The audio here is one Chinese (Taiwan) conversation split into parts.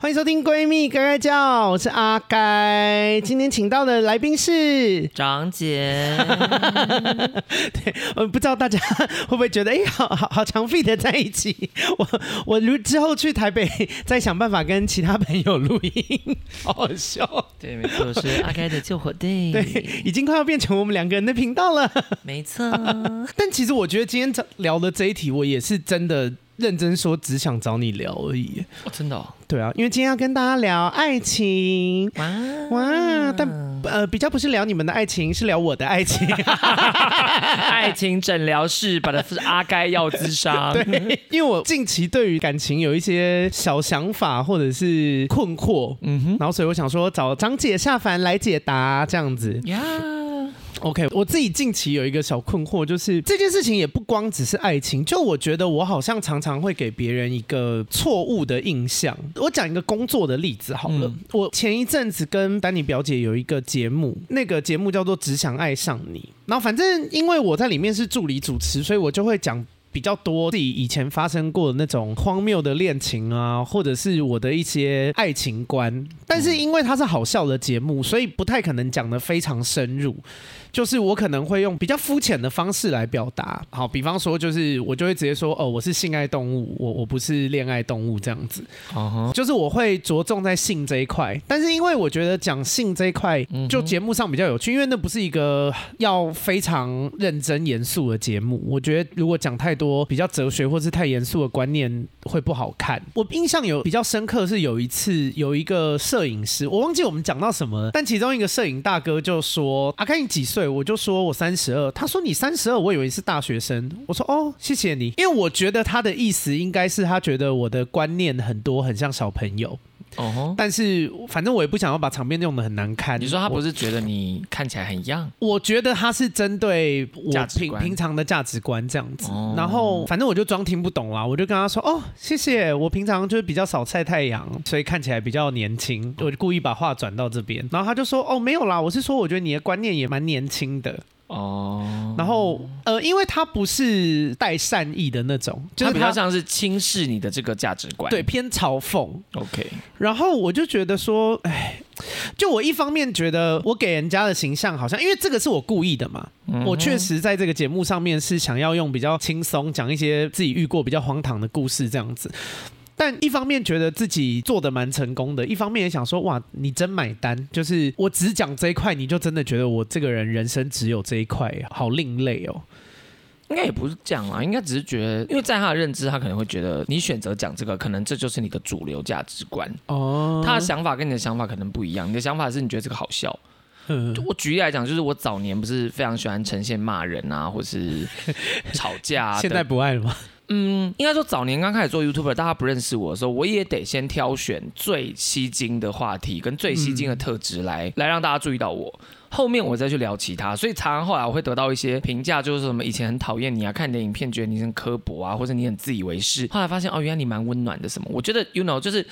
歡迎收聽《閨蜜蓋蓋叫》，我是阿該，今天請到的來賓是泰辣。 對，不知道大家會不會覺得，哎，好好好，強的在一起。我我如之後去台北，再想辦法跟其他朋友錄音。好，好笑，對，沒錯，是阿該的救火隊， 對，已經快要變成我們兩個人的頻道了。 沒錯， 但其實我覺得今天聊的這一題，我也是真的。認真說，只想找你聊而已。真的？對啊，因為今天要跟大家聊愛情。哇哇，但呃，比較不是聊你們的愛情，是聊我的愛情。愛情診療室，把它是阿該要自殺。對，因為我近期對於感情有一些小想法或者是困惑，嗯哼，然後所以我想說找張姐下凡來解答這樣子。呀。OK，我自己近期有一個小困惑，就是這件事情也不光只是愛情。就我覺得我好像常常會給別人一個錯誤的印象。我講一個工作的例子好了。嗯、我前一陣子跟丹尼表姐有一個節目，那個節目叫做《只想愛上你》。然後反正因為我在裡面是助理主持，所以我就會講比較多自己以前發生過的那種荒謬的戀情啊，或者是我的一些愛情觀。但是因為它是好笑的節目，所以不太可能講的非常深入。就是我可能會用比較膚淺的方式來表達，好。比方說就是我就會直接說哦、呃，我是性愛動物，我我不是戀愛動物這樣子，就是我會着重在性這一塊。但是因為我覺得講性這一塊就節目上比較有趣，因為那不是一個要非常認真嚴肅的節目。我覺得如果講太多比較哲學或是太嚴肅的觀念會不好看。我印象有比較深刻是有一次有一個攝影師，我忘記我們講到什麼，但其中一個攝影大哥就說、啊：“阿該，你幾歲？”對，我就說，我三十二。他說，你三十二，我以為是大學生。我說哦，謝謝你，因為我覺得他的意思應該是他覺得我的觀念很多，很像小朋友。哦，但是反正我也不想要把場面弄得很難看。你說他不是覺得你看起來很一樣？我，我覺得他是針對我平平常的價值觀這樣子。哦、然後反正我就裝聽不懂啦，我就跟他說：“哦，謝謝，我平常就是比較少曬太陽，所以看起來比較年輕。嗯”我就故意把話轉到這邊，然後他就說：“哦，沒有啦，我是說，我覺得你的觀念也蠻年輕的。”哦，um、然後呃，因為他不是帶善意的那種，就是比較像是輕視你的這個價值觀，對，偏嘲諷。OK，然後我就覺得說，哎，就我一方面覺得我給人家的形象好像，因為這個是我故意的嘛，嗯、哼我確實在這個節目上面是想要用比較輕鬆講一些自己遇過比較荒唐的故事這樣子。但一方面覺得自己做得蠻成功的，一方面也想說哇，你真買單，就是我只講這一塊，你就真的覺得我這個人人生只有這一塊，好另類哦。應該也不是這樣啊，應該只是覺得，因為在他的認知，他可能會覺得你選擇講這個，可能這就是你的主流價值觀哦。他的想法跟你的想法可能不一樣，你的想法是你覺得這個好笑。呵呵就我舉例來講，就是我早年不是非常喜歡呈現罵人啊，或是吵架啊，現在不愛了嗎？嗯，應該說早年剛開始做 YouTuber，大家不認識我的時候，我也得先挑選最吸睛的話題跟最吸睛的特質來來讓大家注意到我。後面我再去聊其他，所以常常後來我會得到一些評價，就是什麼以前很討厭你啊，看你的影片覺得你很刻薄啊，或者你很自以為是。後來發現哦，原來你蠻溫暖的什麼？我覺得 you know 就是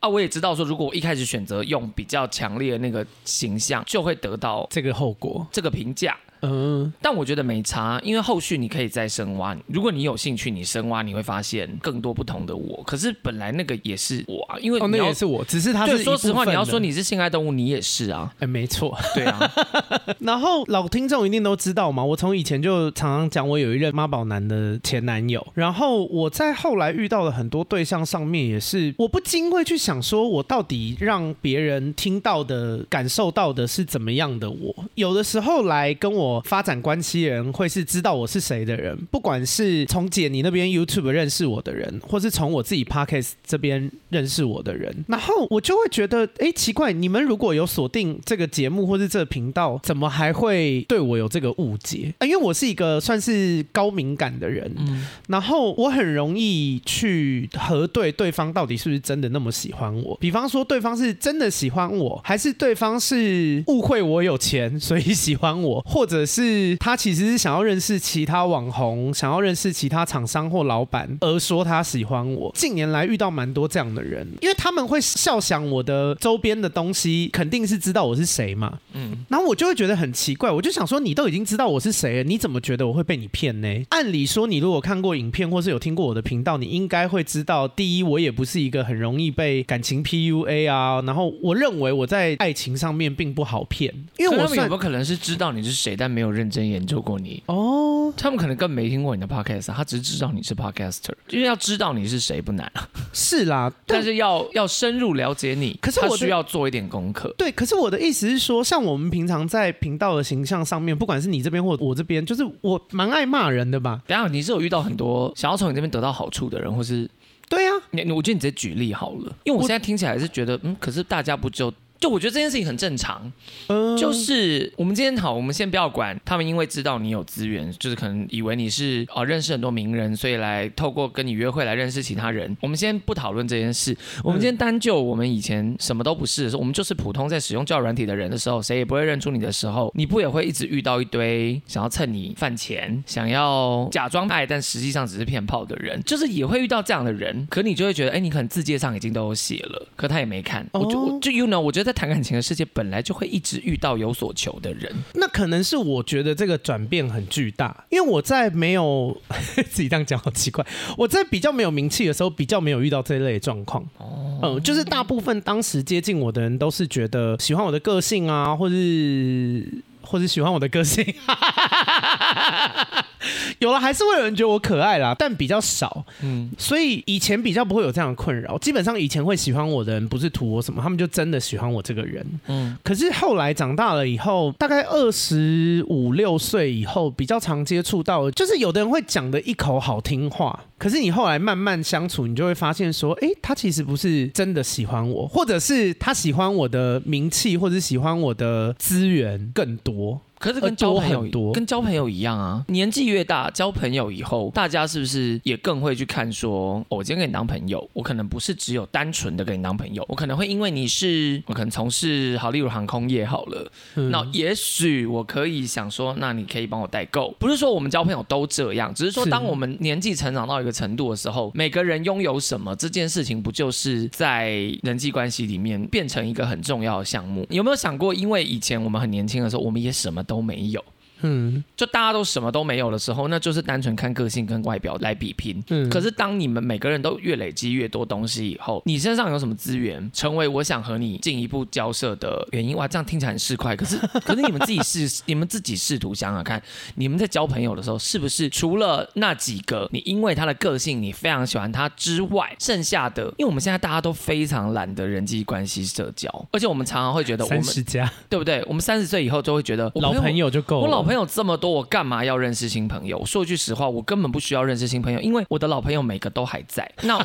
啊，我也知道說，如果我一開始選擇用比較強烈的那個形象，就會得到這個後果，這個評價。嗯，但我覺得沒差，因為後續你可以再深挖。如果你有興趣，你深挖，你會發現更多不同的我。可是本來那個也是我，啊，因為、哦、那個也是我，只是他是、就是說實話，你要說你是性愛動物，你也是啊，哎、欸，沒錯，對啊。 然後老聽眾一定都知道嘛，我從以前就常常講，我有一任媽寶男的前男友，然後我在後來遇到的很多對象上面，也是我不禁會去想，說我到底讓別人聽到的、感受到的是怎麼樣的我？有的時候來跟我。發展關係，人會是知道我是誰的人，不管是從姐你那邊 YouTube 認識我的人，或是從我自己 Podcast 這邊認識我的人，然後我就會覺得，哎，奇怪，你們如果有鎖定這個節目或是這個頻道，怎麼還會對我有這個誤解？啊，因為我是一個算是高敏感的人，嗯、然後我很容易去核對對方到底是不是真的那麼喜歡我。比方說，對方是真的喜歡我，還是對方是誤會我有錢所以喜歡我，或者可是他其實是想要認識其他網紅，想要認識其他廠商或老闆，而說他喜歡我。近年來遇到蠻多這樣的人，因為他們會笑，想我的周邊的東西肯定是知道我是誰嘛。嗯，然後我就會覺得很奇怪，我就想說，你都已經知道我是誰了，你怎麼覺得我會被你騙呢？按理說，你如果看過影片，或是有聽過我的頻道，你應該會知道，第一，我也不是一個很容易被感情 PUA 啊。然後，我認為我在愛情上面並不好騙，因為我怎麼可能是知道你是誰，但。沒有認真研究過你哦，oh, 他們可能更沒聽過你的 Podcast，啊、他只是知道你是 Podcaster，因為要知道你是誰不難啊，是啦，但，但是要要深入了解你，可是我他需要做一點功課。對，可是我的意思是說，像我們平常在頻道的形象上面，不管是你這邊或我這邊，就是我蠻愛罵人的吧？等下你是有遇到很多想要從你這邊得到好處的人，或是對呀、啊，你我覺得你直接舉例好了，因為我現在聽起來是覺得我嗯，可是大家不就？就我覺得這件事情很正常，就是我們今天好，我們先不要管他們，因為知道你有資源，就是可能以為你是啊認識很多名人，所以來透過跟你約會來認識其他人。我們先不討論這件事，我們今天單就我們以前什麼都不是，我們就是普通在使用交友軟體的人的時候，誰也不會認出你的時候，你不也會一直遇到一堆想要蹭你飯錢、想要假裝愛但實際上只是騙炮的人，就是也會遇到這樣的人。可你就會覺得，哎，你可能自介上已經都有寫了，可他也沒看。我就我就 you know，我覺得。在談感情的世界，本來就會一直遇到有所求的人。那可能是我覺得這個轉變很巨大，因為我在沒有呵呵自己這樣講好奇怪，我在比較沒有名氣的時候，比較沒有遇到這一類狀況。哦，oh. 嗯，就是大部分當時接近我的人，都是覺得喜歡我的個性啊，或是或是喜歡我的個性。 有了，還是會有人覺得我可愛啦，但比較少。嗯，所以以前比較不會有這樣的困擾。基本上以前會喜歡我的人，不是圖我什麼，他們就真的喜歡我這個人。嗯，可是後來長大了以後，大概二十五六歲以後，比較常接觸到，就是有的人會講的一口好聽話，可是你後來慢慢相處，你就會發現說，哎，他其實不是真的喜歡我，或者是他喜歡我的名氣，或者是喜歡我的資源更多。可是跟交朋友多，多，跟交朋友一樣啊。年紀越大，交朋友以後，大家是不是也更會去看說，哦，我今天跟你當朋友，我可能不是只有單純的跟你當朋友，我可能會因為你是，我可能從事好，例如航空業好了，嗯，那也許我可以想說，那你可以幫我代購。不是說我們交朋友都這樣，只是說當我們年紀成長到一個程度的時候，是每個人擁有什麼這件事情，不就是在人際關係裡面變成一個很重要的項目？你有沒有想過，因為以前我們很年輕的時候，我們也什麼？都沒有。嗯，就大家都什麼都沒有的時候，那就是單純看個性跟外表來比拼。嗯，可是當你們每個人都越累積越多東西以後，你身上有什麼資源成為我想和你進一步交涉的原因？哇，這樣聽起來很市儈。可是，可是你們自己試， 你們自己試圖想想看，你們在交朋友的時候，是不是除了那幾個你因為他的個性你非常喜歡他之外，剩下的，因為我們現在大家都非常懶得人際關係社交，而且我們常常會覺得我們三十家，對不對？我們三十歲以後就會覺得我老，我老朋友就夠了，朋友這麼多，我幹嘛要認識新朋友？說句實話，我根本不需要認識新朋友，因為我的老朋友每個都還在，那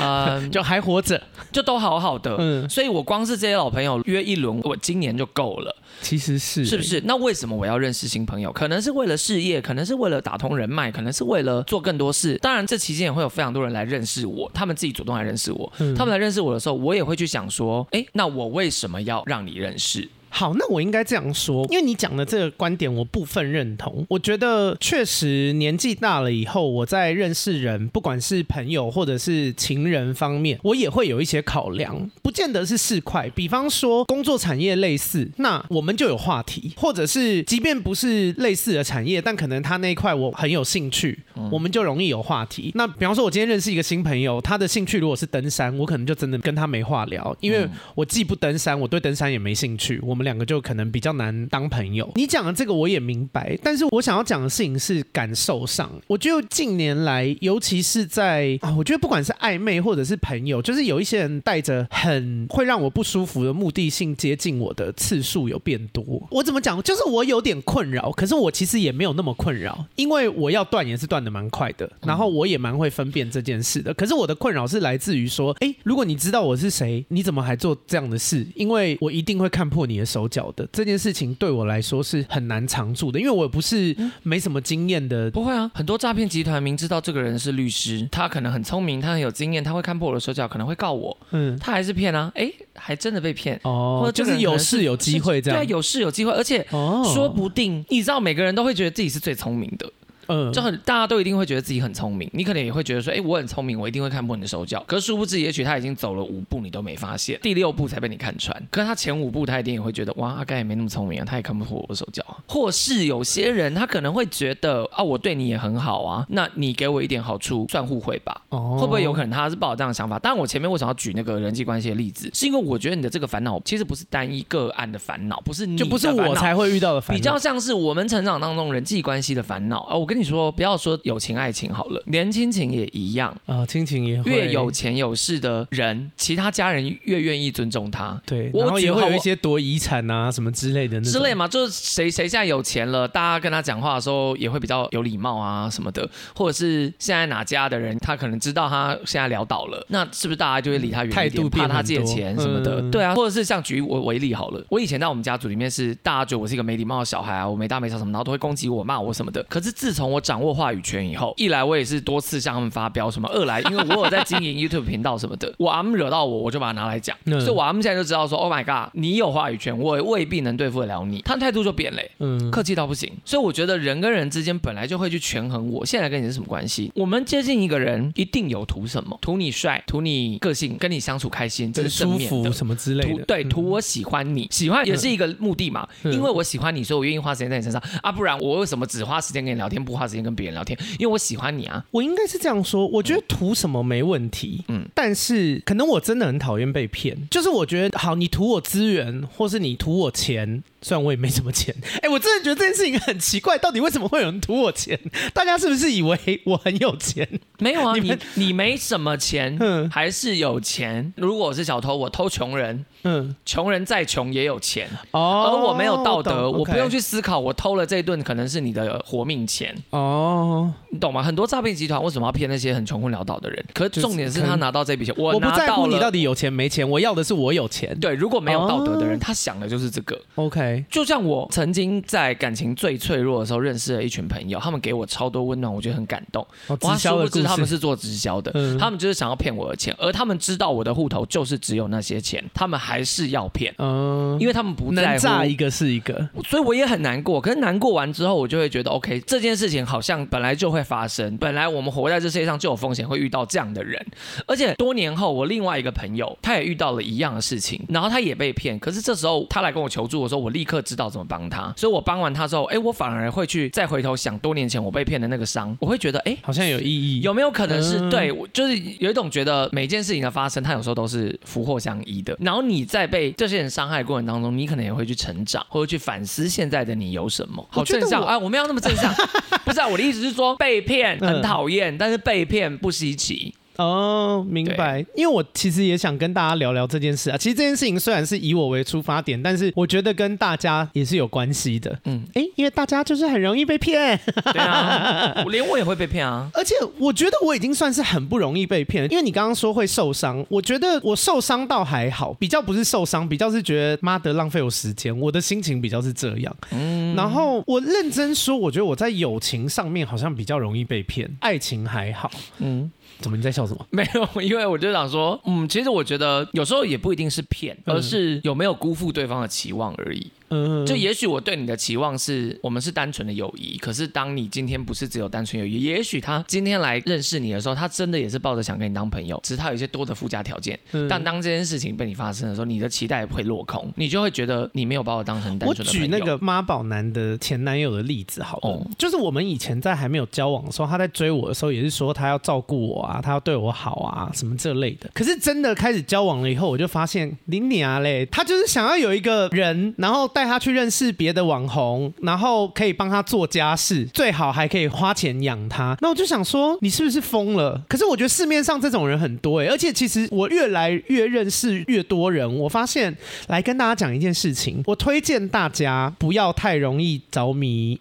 呃 就還活着、嗯，就都好好的。嗯，所以我光是這些老朋友約一輪，我今年就夠了。其實是是不是？那為什麼我要認識新朋友？可能是為了事業，可能是為了打通人脈，可能是為了做更多事。當然，這期間也會有非常多人來認識我，他們自己主動來認識我。嗯、他們來認識我的時候，我也會去想說，哎、欸，那我為什麼要讓你認識？好，那我應該這樣說，因為你講的這個觀點，我部分認同。我覺得確實年紀大了以後，我在認識人，不管是朋友或者是情人方面，我也會有一些考量，不見得是四塊。比方說，工作產業類似，那我們就有話題；或者是即便不是類似的產業，但可能他那一塊我很有興趣，我們就容易有話題。那比方說，我今天認識一個新朋友，他的興趣如果是登山，我可能就真的跟他沒話聊，因為我既不登山，我對登山也沒興趣。我我們兩個就可能比較難當朋友。你講的這個我也明白，但是我想要講的事情是感受上。我覺得近年來，尤其是在啊，我覺得不管是曖昧或者是朋友，就是有一些人帶着很會讓我不舒服的目的性接近我的次數有變多。我怎麼講？就是我有點困擾，可是我其實也沒有那麼困擾，因為我要斷也是斷得蠻快的，然後我也蠻會分辨這件事的。可是我的困擾是來自於說，哎，如果你知道我是誰，你怎麼還做這樣的事？因為我一定會看破你的事。手腳的這件事情對我來說是很難常住的，因為我也不是沒什麼經驗的、嗯。不會啊，很多詐騙集團明知道這個人是律師，他可能很聰明，他很有經驗，他會看破我的手腳，可能會告我。嗯，他還是騙啊，哎、欸，還真的被騙哦。是就是有事有機會這樣，對，有事有機會，而且、哦、說不定你知道，每個人都會覺得自己是最聰明的。嗯，就很大家都一定會覺得自己很聰明，你可能也會覺得說，哎、欸，我很聰明，我一定會看破你的手腳。可是殊不知，也許他已經走了五步，你都沒發現，第六步才被你看穿。可是他前五步，他一定也會覺得，哇，阿、啊、該也沒那麼聰明啊，他也看不破我的手腳。或是有些人，他可能會覺得，啊，我對你也很好啊，那你給我一點好處，算互惠吧。哦，會不會有可能他是抱這樣的想法？當然，我前面為什麼要舉那個人際關係的例子，是因為我覺得你的這個煩惱其實不是單一個案的煩惱，不是你的煩惱，就不是我才會遇到的煩惱，比較像是我們成長當中人際關係的煩惱啊。我跟跟你說，不要說友情愛情好了，連親情也一樣啊，哦、親情也越有錢有勢的人，其他家人越願意尊重他。對，然後也會有一些奪遺產啊什麼之類的，那類的，之類嘛，就是誰誰現在有錢了，大家跟他講話的時候也會比較有禮貌啊什麼的，或者是現在哪家的人，他可能知道他現在潦倒了，那是不是大家就會離他遠一點，嗯、怕他借錢什麼的？嗯、對啊，或者是像舉我為例好了，我以前在我們家族裡面是大家覺得我是一個沒禮貌的小孩啊，我沒大沒小什麼，然後都會攻擊我罵我什麼的。可是自從我掌握話語權以後，一來我也是多次向他們發飆，什麼；二來，因為我有在經營 YouTube 頻道什麼的， 我阿姆惹到我，我就把它拿來講。嗯、所以，我阿姆現在就知道說：“Oh my god，你有話語權，我也未必能對付得了你。”他態度就變了，嗯，客氣到不行。所以，我覺得人跟人之間本來就會去權衡我，我現在跟你是什麼關係？我們接近一個人，一定有圖什麼？圖你帥，圖你個性，跟你相處開心，真是正面舒服什麼之類的圖？對，圖我喜歡你，嗯、喜歡也是一個目的嘛。嗯、因為我喜歡你，所以我願意花時間在你身上、嗯、啊，不然我為什麼只花時間跟你聊天不？花時間跟別人聊天，因為我喜歡你啊。我應該是這樣說，我覺得圖什麼沒問題。嗯，但是可能我真的很討厭被騙。就是我覺得，好，你圖我資源，或是你圖我錢，雖然我也沒什麼錢。哎、欸，我真的覺得這件事情很奇怪，到底為什麼會有人圖我錢？大家是不是以為我很有錢？沒有啊，你們你，你沒什麼錢，哼，還是有錢？嗯，如果我是小偷，我偷窮人。嗯，窮人再窮也有錢哦，而我沒有道德，我不用去思考，我偷了這一頓可能是你的活命錢哦，你懂嗎？很多詐騙集團為什麼要騙那些很窮困潦倒的人？可重點是他拿到這筆錢，我不在乎你到底有錢沒錢，我要的是我有錢。對，如果沒有道德的人，他想的就是這個。OK，就像我曾經在感情最脆弱的時候認識了一群朋友，他們給我超多溫暖，我覺得很感動。直銷，我知不知他們是做直銷的，他們就是想要騙我的錢，而他們知道我的戶頭就是只有那些錢，他們還，還是要騙，嗯，因為他們不在乎。炸一個是一個，所以我也很難過。可是難過完之後，我就會覺得，OK，這件事情好像本來就會發生，本來我們活在這世界上就有風險會遇到這樣的人。而且多年後，我另外一個朋友他也遇到了一樣的事情，然後他也被騙。可是這時候他來跟我求助的時候，我說我立刻知道怎麼幫他。所以我幫完他之後，哎、欸，我反而會去再回頭想多年前我被騙的那個傷，我會覺得，哎、欸，好像有意義。有沒有可能是、嗯、對？就是有一種覺得每件事情的發生，它有時候都是福禍相依的。然後你。你在被這些人傷害過程當中，你可能也會去成長，或者去反思現在的你有什麼。好正向啊、哎！我沒有那麼正向。 不是、啊，我的意思是說，被騙很討厭，嗯、但是被騙不稀奇。哦，明白。啊、因為我其實也想跟大家聊聊這件事啊。其實這件事情雖然是以我為出發點，但是我覺得跟大家也是有關係的。嗯，哎，因為大家就是很容易被騙。對啊， 我連我也會被騙啊。而且我覺得我已經算是很不容易被騙了，因為你剛剛說會受傷，我覺得我受傷倒還好，比較不是受傷，比較是覺得媽的浪費我時間，我的心情比較是這樣。嗯，然後我認真說，我覺得我在友情上面好像比較容易被騙，愛情還好。嗯。怎麼？你在笑什麼？沒有，因為我就想說，嗯，其實我覺得有時候也不一定是騙，而是有沒有辜負對方的期望而已。就也許我對你的期望是我們是單純的友誼，可是當你今天不是只有單純友誼，也許他今天來認識你的時候，他真的也是抱着想跟你當朋友，只是他有一些多的附加條件。但當這件事情被你發生的時候，你的期待也會落空，你就會覺得你沒有把我當成單純的朋友。我舉那個媽寶男的前男友的例子，好了，就是我們以前在還沒有交往的時候，他在追我的時候也是說他要照顧我啊，他要對我好啊，什麼這類的。可是真的開始交往了以後，我就發現林你啊嘞，他就是想要有一個人，然後帶。帶他去認識別的網紅，然後可以幫他做家事，最好還可以花錢養他。那我就想說，你是不是瘋了？可是我覺得市面上這種人很多誒、欸,而且其實我越來越認識越多人，我發現，來跟大家講一件事情，我推薦大家不要太容易着迷。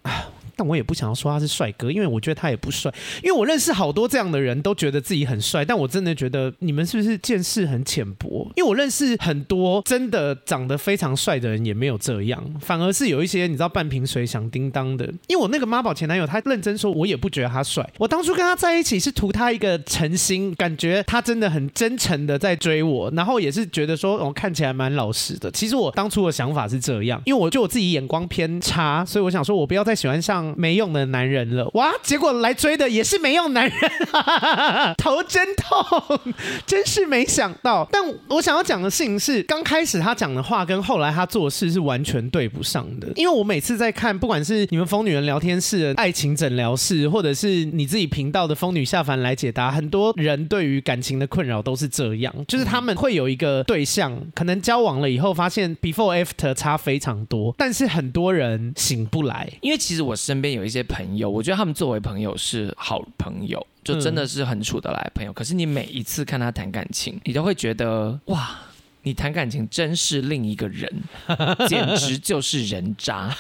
但我也不想要說他是帥哥，因為我覺得他也不帥。因為我認識好多這樣的人都覺得自己很帥，但我真的覺得你們是不是見識很淺薄？因為我認識很多真的長得非常帥的人也沒有這樣，反而是有一些你知道半瓶水響叮當的。因為我那個媽寶前男友，他認真說，我也不覺得他帥。我當初跟他在一起是圖他一個誠心，感覺他真的很真誠的在追我，然後也是覺得說我、哦、看起來蠻老實的。其實我當初的想法是這樣，因為我就我自己眼光偏差，所以我想說，我不要再喜歡像。沒用的男人了哇！結果來追的也是沒用男人， 頭真痛，真是沒想到。但我想要講的事情是，剛開始他講的話跟後來他做事是完全對不上的。因為我每次在看，不管是你們瘋女人聊天室、愛情診療室，或者是你自己頻道的瘋女下凡來解答，很多人對於感情的困擾都是這樣，就是他們會有一個對象，可能交往了以後發現 before after 差非常多，但是很多人醒不來，因為其實我身邊。身邊有一些朋友，我覺得他們作為朋友是好朋友，就真的是很處得來的朋友。嗯。可是你每一次看他談感情，你都會覺得哇。你談感情真是另一個人，簡直就是人渣。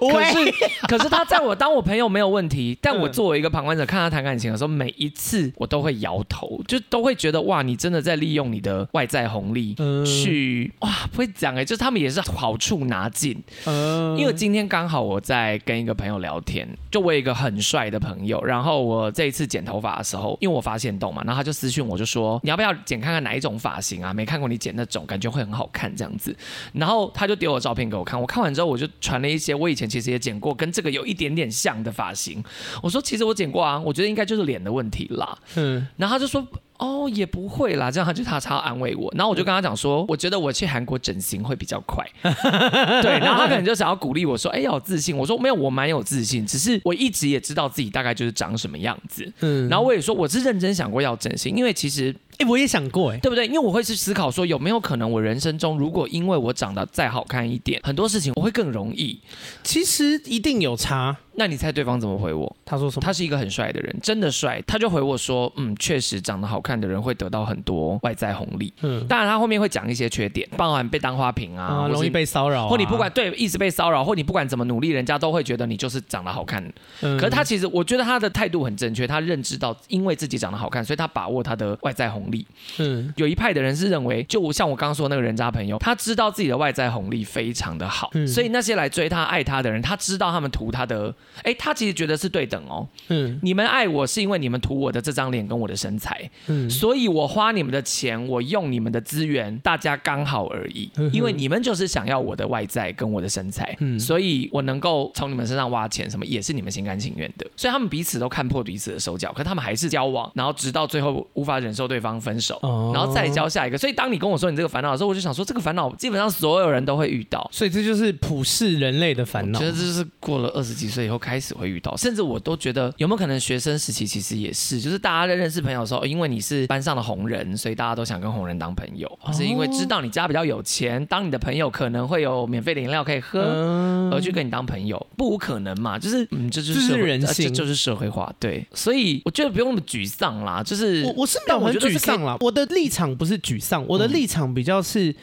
可是， 可是他在我當我朋友沒有問題，但我作為一個旁觀者看他談感情的時候，每一次我都會搖頭，就都會覺得哇，你真的在利用你的外在紅利去、嗯、哇，不會講哎、欸，就是他們也是好處拿盡。嗯、因為今天剛好我在跟一個朋友聊天，就我有一個很帥的朋友，然後我這一次剪頭髮的時候，因為我發現懂嘛，然後他就私訊我就說，你要不要剪看看哪一種髮型啊？沒看過你剪。那種感覺會很好看這樣子，然後他就丟我照片給我看，我看完之後我就傳了一些我以前其實也剪過跟這個有一點點像的髮型，我說其實我剪過啊，我覺得應該就是臉的問題啦，嗯，然後他就說。哦，也不會啦。這樣他就他他安慰我，然後我就跟他講說，嗯、我覺得我去韓國整形會比較快。 對，然後他可能就想要鼓勵我說，哎、欸，要有自信。我說沒有，我蠻有自信，只是我一直也知道自己大概就是長什麼樣子。嗯，然後我也說我是認真想過要整形，因為其實哎、欸，我也想過、欸，哎，對不對？因為我會去思考說，有沒有可能我人生中如果因為我長得再好看一點，很多事情我會更容易。其實一定有差。那你猜對方怎麼回我？他說什麼？他是一個很帥的人，真的帥。他就回我說：“嗯，確實長得好看的人會得到很多外在紅利。嗯，當然他後面會講一些缺點，包含被當花瓶啊，啊容易被騷擾、啊，或你不管對，一直被騷擾，或你不管怎麼努力，人家都會覺得你就是長得好看。嗯、可是他其實，我覺得他的態度很正確，他認知到因為自己長得好看，所以他把握他的外在紅利。嗯，有一派的人是認為，就像我剛剛說的那個人渣朋友，他知道自己的外在紅利非常的好，嗯、所以那些來追他、愛他的人，他知道他們圖他的。”哎，欸、他其實覺得是對等哦、喔。嗯，你們愛我是因為你們圖我的這張臉跟我的身材。嗯，所以我花你們的錢，我用你們的資源，大家剛好而已。嗯，因為你們就是想要我的外在跟我的身材。嗯，所以我能夠從你們身上挖錢，什麼也是你們心甘情願的。所以他們彼此都看破彼此的手腳，可他們還是交往，然後直到最後無法忍受對方分手，然後再交下一個。所以當你跟我說你這個煩惱的時候，我就想說這個煩惱基本上所有人都會遇到，所以這就是普世人類的煩惱。覺得這就是過了二十幾歲以後。都開始會遇到，甚至我都覺得有沒有可能學生時期其實也是，就是大家在認識朋友的時候，因為你是班上的紅人，所以大家都想跟紅人當朋友，哦、是因為知道你家比較有錢，當你的朋友可能會有免費的飲料可以喝，嗯、而去跟你當朋友，不無可能嘛？就是嗯，這就是人性，這是人性，就是社會化。對，所以我覺得不用那麼沮喪啦，就是我我是沒有很沮喪啦。我，我的立場不是沮喪，我的立場比較是。嗯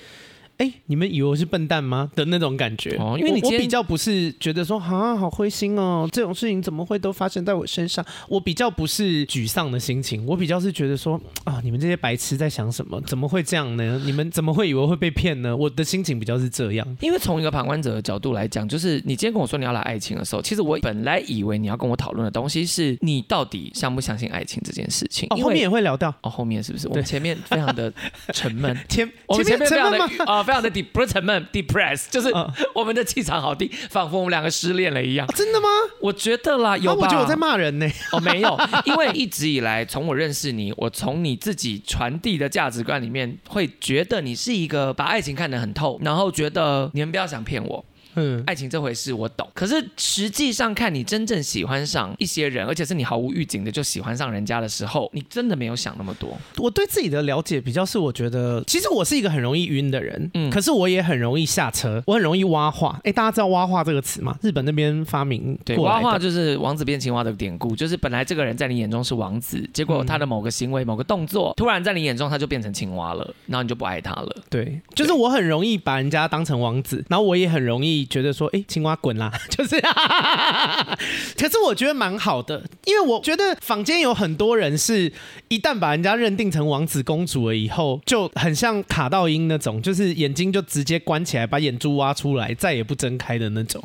哎，你們以為我是笨蛋嗎？的那種感覺，哦、因為你我，我比較不是覺得說啊，好灰心哦，這種事情怎麼會都發生在我身上？我比較不是沮喪的心情，我比較是覺得說啊，你們這些白痴在想什麼？怎麼會這樣呢？你們怎麼會以為會被騙呢？我的心情比較是這樣，因為從一個旁觀者的角度來講，就是你今天跟我說你要來愛情的時候，其實我本來以為你要跟我討論的東西是你到底相不相信愛情這件事情。哦、為後面也會聊到哦，後面是不是？對我們前面非常的沉悶，前我們前面這樣的啊。呃呃不要的 depress s n depressed，就是、uh, 我們的氣場好低，仿佛我們兩個失戀了一樣、啊。真的嗎？我覺得啦，有吧、啊。我覺得我在罵人呢、欸。哦 ，oh, 沒有，因為一直以來，從我認識你，我從你自己傳遞的價值觀裡面，會覺得你是一個把愛情看得很透，然後覺得你們不要想騙我。嗯，愛情這回事我懂，可是實際上看你真正喜歡上一些人，而且是你毫無預警的就喜歡上人家的時候，你真的沒有想那麼多。我對自己的了解比較是，我覺得其實我是一個很容易暈的人，嗯，可是我也很容易下車，我很容易蛙化。哎、欸，大家知道蛙化這個詞嗎？日本那邊發明，對，蛙化就是王子變青蛙的典故，就是本來這個人在你眼中是王子，結果他的某個行為、某個動作，嗯、突然在你眼中他就變成青蛙了，然後你就不愛他了。對，就是我很容易把人家當成王子，然後我也很容易。你覺得說，哎、欸，青蛙滾啦，就是這樣，可是我覺得蠻好的，因為我覺得坊間有很多人是，一旦把人家認定成王子公主了以後，就很像卡到陰那種，就是眼睛就直接關起來，把眼珠挖出來，再也不睜開的那種。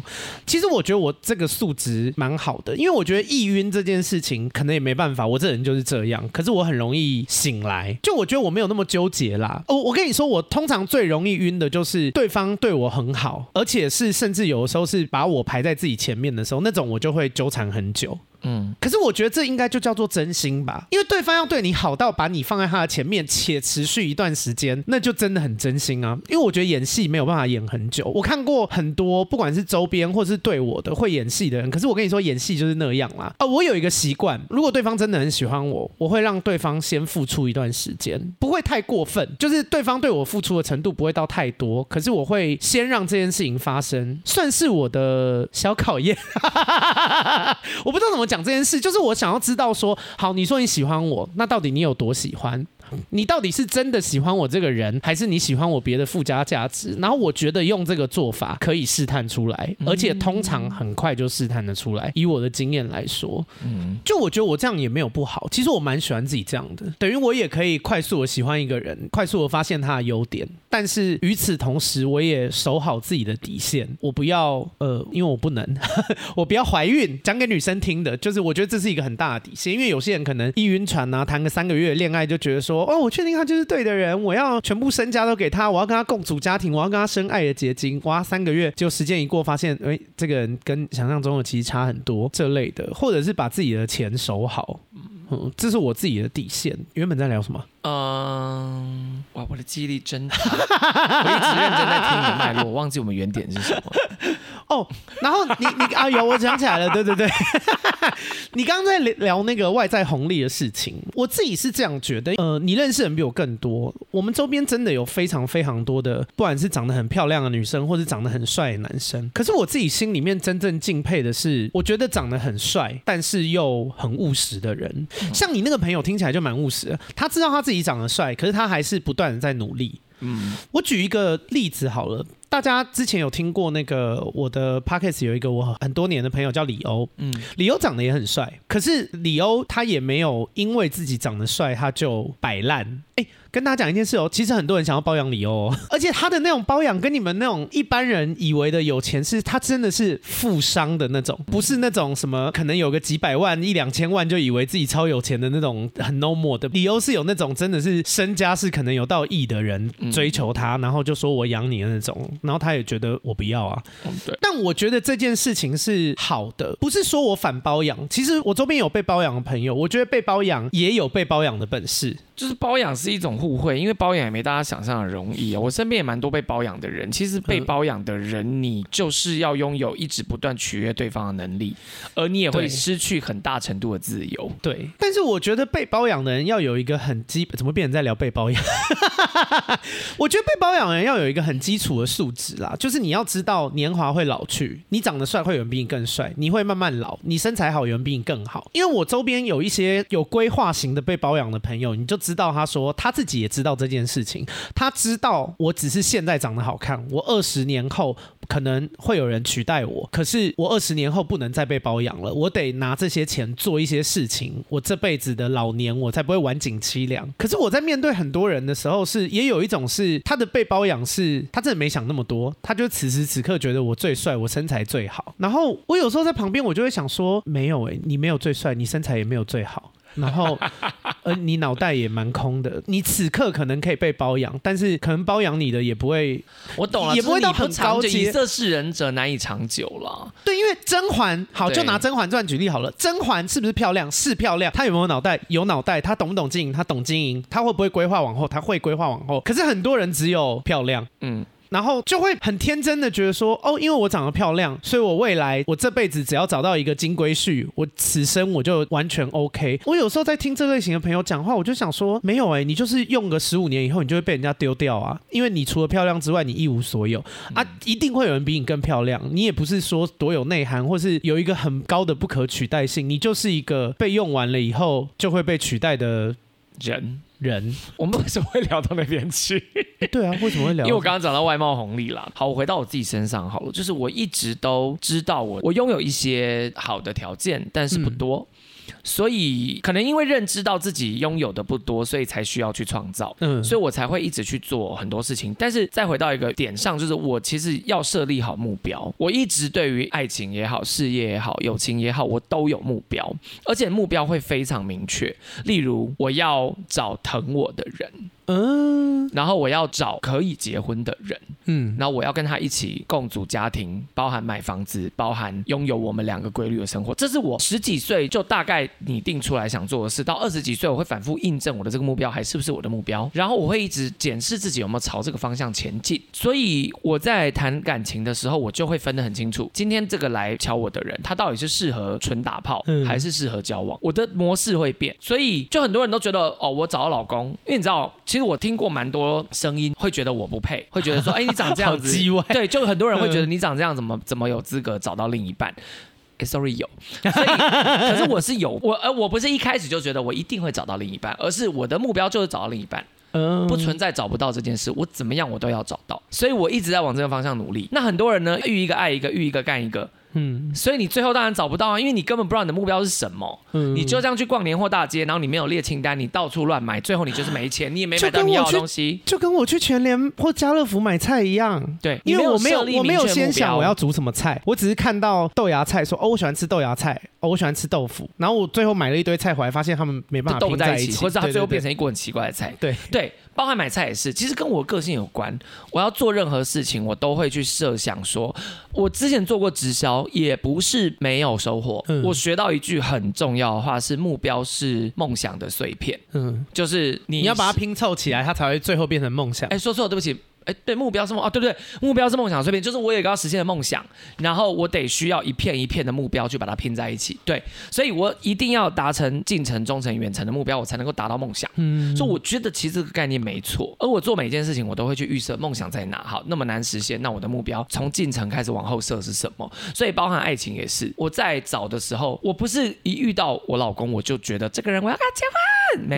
其實我覺得我這個素質蠻好的，因為我覺得易暈這件事情可能也沒辦法，我這人就是這樣。可是我很容易醒來，就我覺得我沒有那麼糾結啦。哦，我跟你說，我通常最容易暈的就是對方對我很好，而且是。是，甚至有的時候是把我排在自己前面的時候，那種我就會糾纏很久。嗯，可是我覺得這應該就叫做真心吧，因為對方要對你好到把你放在他的前面，且持續一段時間，那就真的很真心啊。因為我覺得演戲沒有辦法演很久，我看過很多，不管是週邊或是對我的會演戲的人。可是我跟你說，演戲就是那樣啦。啊、呃，我有一個習慣，如果對方真的很喜歡我，我會讓對方先付出一段時間，不會太過分，就是對方對我付出的程度不會到太多，可是我會先讓這件事情發生，算是我的小考驗。 我不知道怎麼講講這件事，就是我想要知道說，好，你說你喜歡我，那到底你有多喜歡？你到底是真的喜歡我這個人，還是你喜歡我別的附加價值？然後我覺得用這個做法可以試探出來，而且通常很快就試探得出來。以我的經驗來說，嗯，就我覺得我這樣也沒有不好。其實我蠻喜歡自己這樣的，等於我也可以快速的喜歡一個人，快速的發現他的優點。但是與此同時，我也守好自己的底線。我不要呃，因為我不能呵呵，我不要懷孕。講給女生聽的，就是我覺得這是一個很大的底線，因為有些人可能一暈船啊，談個三個月戀愛就覺得說。說哦，我確定他就是對的人，我要全部身家都給他，我要跟他共組家庭，我要跟他生愛的結晶。哇，三個月就時間一過，發現哎，這個人跟想象中的其實差很多，這類的，或者是把自己的錢守好，嗯，這是我自己的底線。原本在聊什麼？嗯、呃，哇，我的記憶力真好，我一直認真在聽你的脈絡，我忘記我們原點是什麼。 哦，然後你你啊，有，我想起來了，對對對， 你剛剛在聊那個外在紅利的事情，我自己是這樣覺得。呃，你認識人比我更多，我們周邊真的有非常非常多的，不管是長得很漂亮的女生，或是長得很帥的男生，可是我自己心裡面真正敬佩的是，我覺得長得很帥，但是又很務實的人，嗯、像你那個朋友聽起來就蠻務實的，他知道他自己。自己長得帥，可是他還是不斷的在努力。嗯，我舉一個例子好了，大家之前有聽過那個我的 Podcast 有一個我很多年的朋友叫李歐，嗯，李歐長得也很帥，可是李歐他也沒有因為自己長得帥他就擺爛，欸跟大家講一件事哦，其實很多人想要包養李歐，哦，而且他的那種包養跟你們那種一般人以為的有錢是，他真的是富商的那種，不是那種什麼可能有個幾百萬、一兩千萬就以為自己超有錢的那種很 no more 的。李歐是有那種真的是身家是可能有到億的人追求他，嗯、然後就說我養你的那種，然後他也覺得我不要啊。對但我覺得這件事情是好的，不是說我反包養，其實我周邊有被包養的朋友，我覺得被包養也有被包養的本事。就是包養是一種互惠，因為包養也沒大家想象的容易啊、喔。我身邊也蠻多被包養的人，其實被包養的人，你就是要擁有一直不斷取悅對方的能力，而你也會失去很大程度的自由。對，對但是我覺得被包養的人要有一個很基，怎麼變成在聊被包養？ 我覺得被包養人要有一個很基礎的素質啦，就是你要知道年華會老去，你長得帥會有人比你更帥，你會慢慢老，你身材好有人比你更好。因為我周邊有一些有規劃型的被包養的朋友，你就。知道他說他自己也知道這件事情，他知道我只是現在長得好看，我二十年後可能會有人取代我，可是我二十年後不能再被包養了，我得拿這些錢做一些事情，我這輩子的老年我才不會晚景淒涼。可是我在面對很多人的時候是，是也有一種是他的被包養，是他真的沒想那麼多，他就此時此刻覺得我最帥，我身材最好。然後我有時候在旁邊，我就會想說，沒有誒、欸，你沒有最帥，你身材也沒有最好。 然後，呃，你腦袋也蠻空的。你此刻可能可以被包養，但是可能包養你的也不會，我懂了，也不會到很高階。是長久色侍人者難以長久了。對，因為甄嬛，好，對就拿《甄嬛傳》舉例好了。甄嬛是不是漂亮？是漂亮。她有沒有腦袋？有腦袋。她懂不懂經營？她懂經營。她會不會規劃往後？她會規劃往後。可是很多人只有漂亮，嗯。然後就會很天真的覺得說，哦，因為我長得漂亮，所以我未來我這輩子只要找到一個金龜婿，我此生我就完全 OK。我有時候在聽這類型的朋友講話，我就想說，沒有誒、欸，你就是用個十五年以後，你就會被人家丟掉啊，因為你除了漂亮之外，你一無所有啊，一定會有人比你更漂亮，你也不是說多有內涵或是有一個很高的不可取代性，你就是一個被用完了以後就會被取代的人。嗯人，我們為什麼會聊到那邊去？對啊，為什麼會聊？因為我剛剛講到外貌紅利啦。好，我回到我自己身上好了，就是我一直都知道我我擁有一些好的條件，但是不多。嗯所以，可能因為認知到自己擁有的不多，所以才需要去創造。嗯，所以我才會一直去做很多事情。但是，再回到一個點上，就是我其實要設立好目標。我一直對於愛情也好、事業也好、友情也好，我都有目標，而且目標會非常明確。例如，我要找疼我的人。嗯，然後我要找可以結婚的人，嗯，然後我要跟他一起共組家庭，包含買房子，包含擁有我們兩個規律的生活。這是我十幾歲就大概擬定出來想做的事。到二十幾歲，我會反覆印證我的這個目標還是不是我的目標，然後我會一直檢視自己有沒有朝這個方向前進。所以我在談感情的時候，我就會分得很清楚，今天這個來敲我的人，他到底是適合純打炮，還是適合交往？嗯，我的模式會變，所以就很多人都覺得哦，我找到老公，因為你知道。其實我聽過蠻多聲音，會覺得我不配，會覺得說，哎、欸，你長這樣子， 搞機會。對，就很多人會覺得你長這樣、嗯、怎麼怎麼有資格找到另一半、eh,？Sorry，有，所以 可是我是有我，而我不是一開始就覺得我一定會找到另一半，而是我的目標就是找到另一半，嗯、不存在找不到這件事，我怎麼樣我都要找到，所以我一直在往這個方向努力。那很多人呢，遇一個愛一個，遇一個幹一個。嗯，所以你最後當然找不到啊，因為你根本不知道你的目標是什麼。嗯，你就這樣去逛年貨大街，然後你沒有列清單，你到處亂買，最後你就是沒錢，你也沒買到你要的東西。就跟我去，就跟我去全聯或家樂福買菜一樣，對，因為我沒有我沒有先想我要煮什麼菜，我只是看到豆芽菜，說哦，我喜歡吃豆芽菜，哦，我喜歡吃豆腐，然後我最後買了一堆菜回來，發現他們沒辦法拼在一起，一起或者最後變成一鍋很奇怪的菜。對對，對、對、對、對。包括買菜也是，其實跟我個性有關。我要做任何事情，我都會去設想說，說我之前做過直銷，也不是沒有收穫。嗯、我學到一句很重要的話是：目標是夢想的碎片。嗯，就是你，你要把它拼湊起來，它才會最後變成夢想。哎、欸，說錯了，對不起。哎，對，目標是夢啊，對對對，目標是夢想碎片，就是我有一個要實現的夢想，然後我得需要一片一片的目標去把它拼在一起。對，所以我一定要達成近程、中程、遠程的目標，我才能夠達到夢想。嗯，所以我覺得其實這個概念沒錯。而我做每一件事情，我都會去預設夢想在哪，好，那麼難實現，那我的目標從近程開始往後設是什麼？所以包含愛情也是，我在找的時候，我不是一遇到我老公我就覺得這個人我要跟他結婚，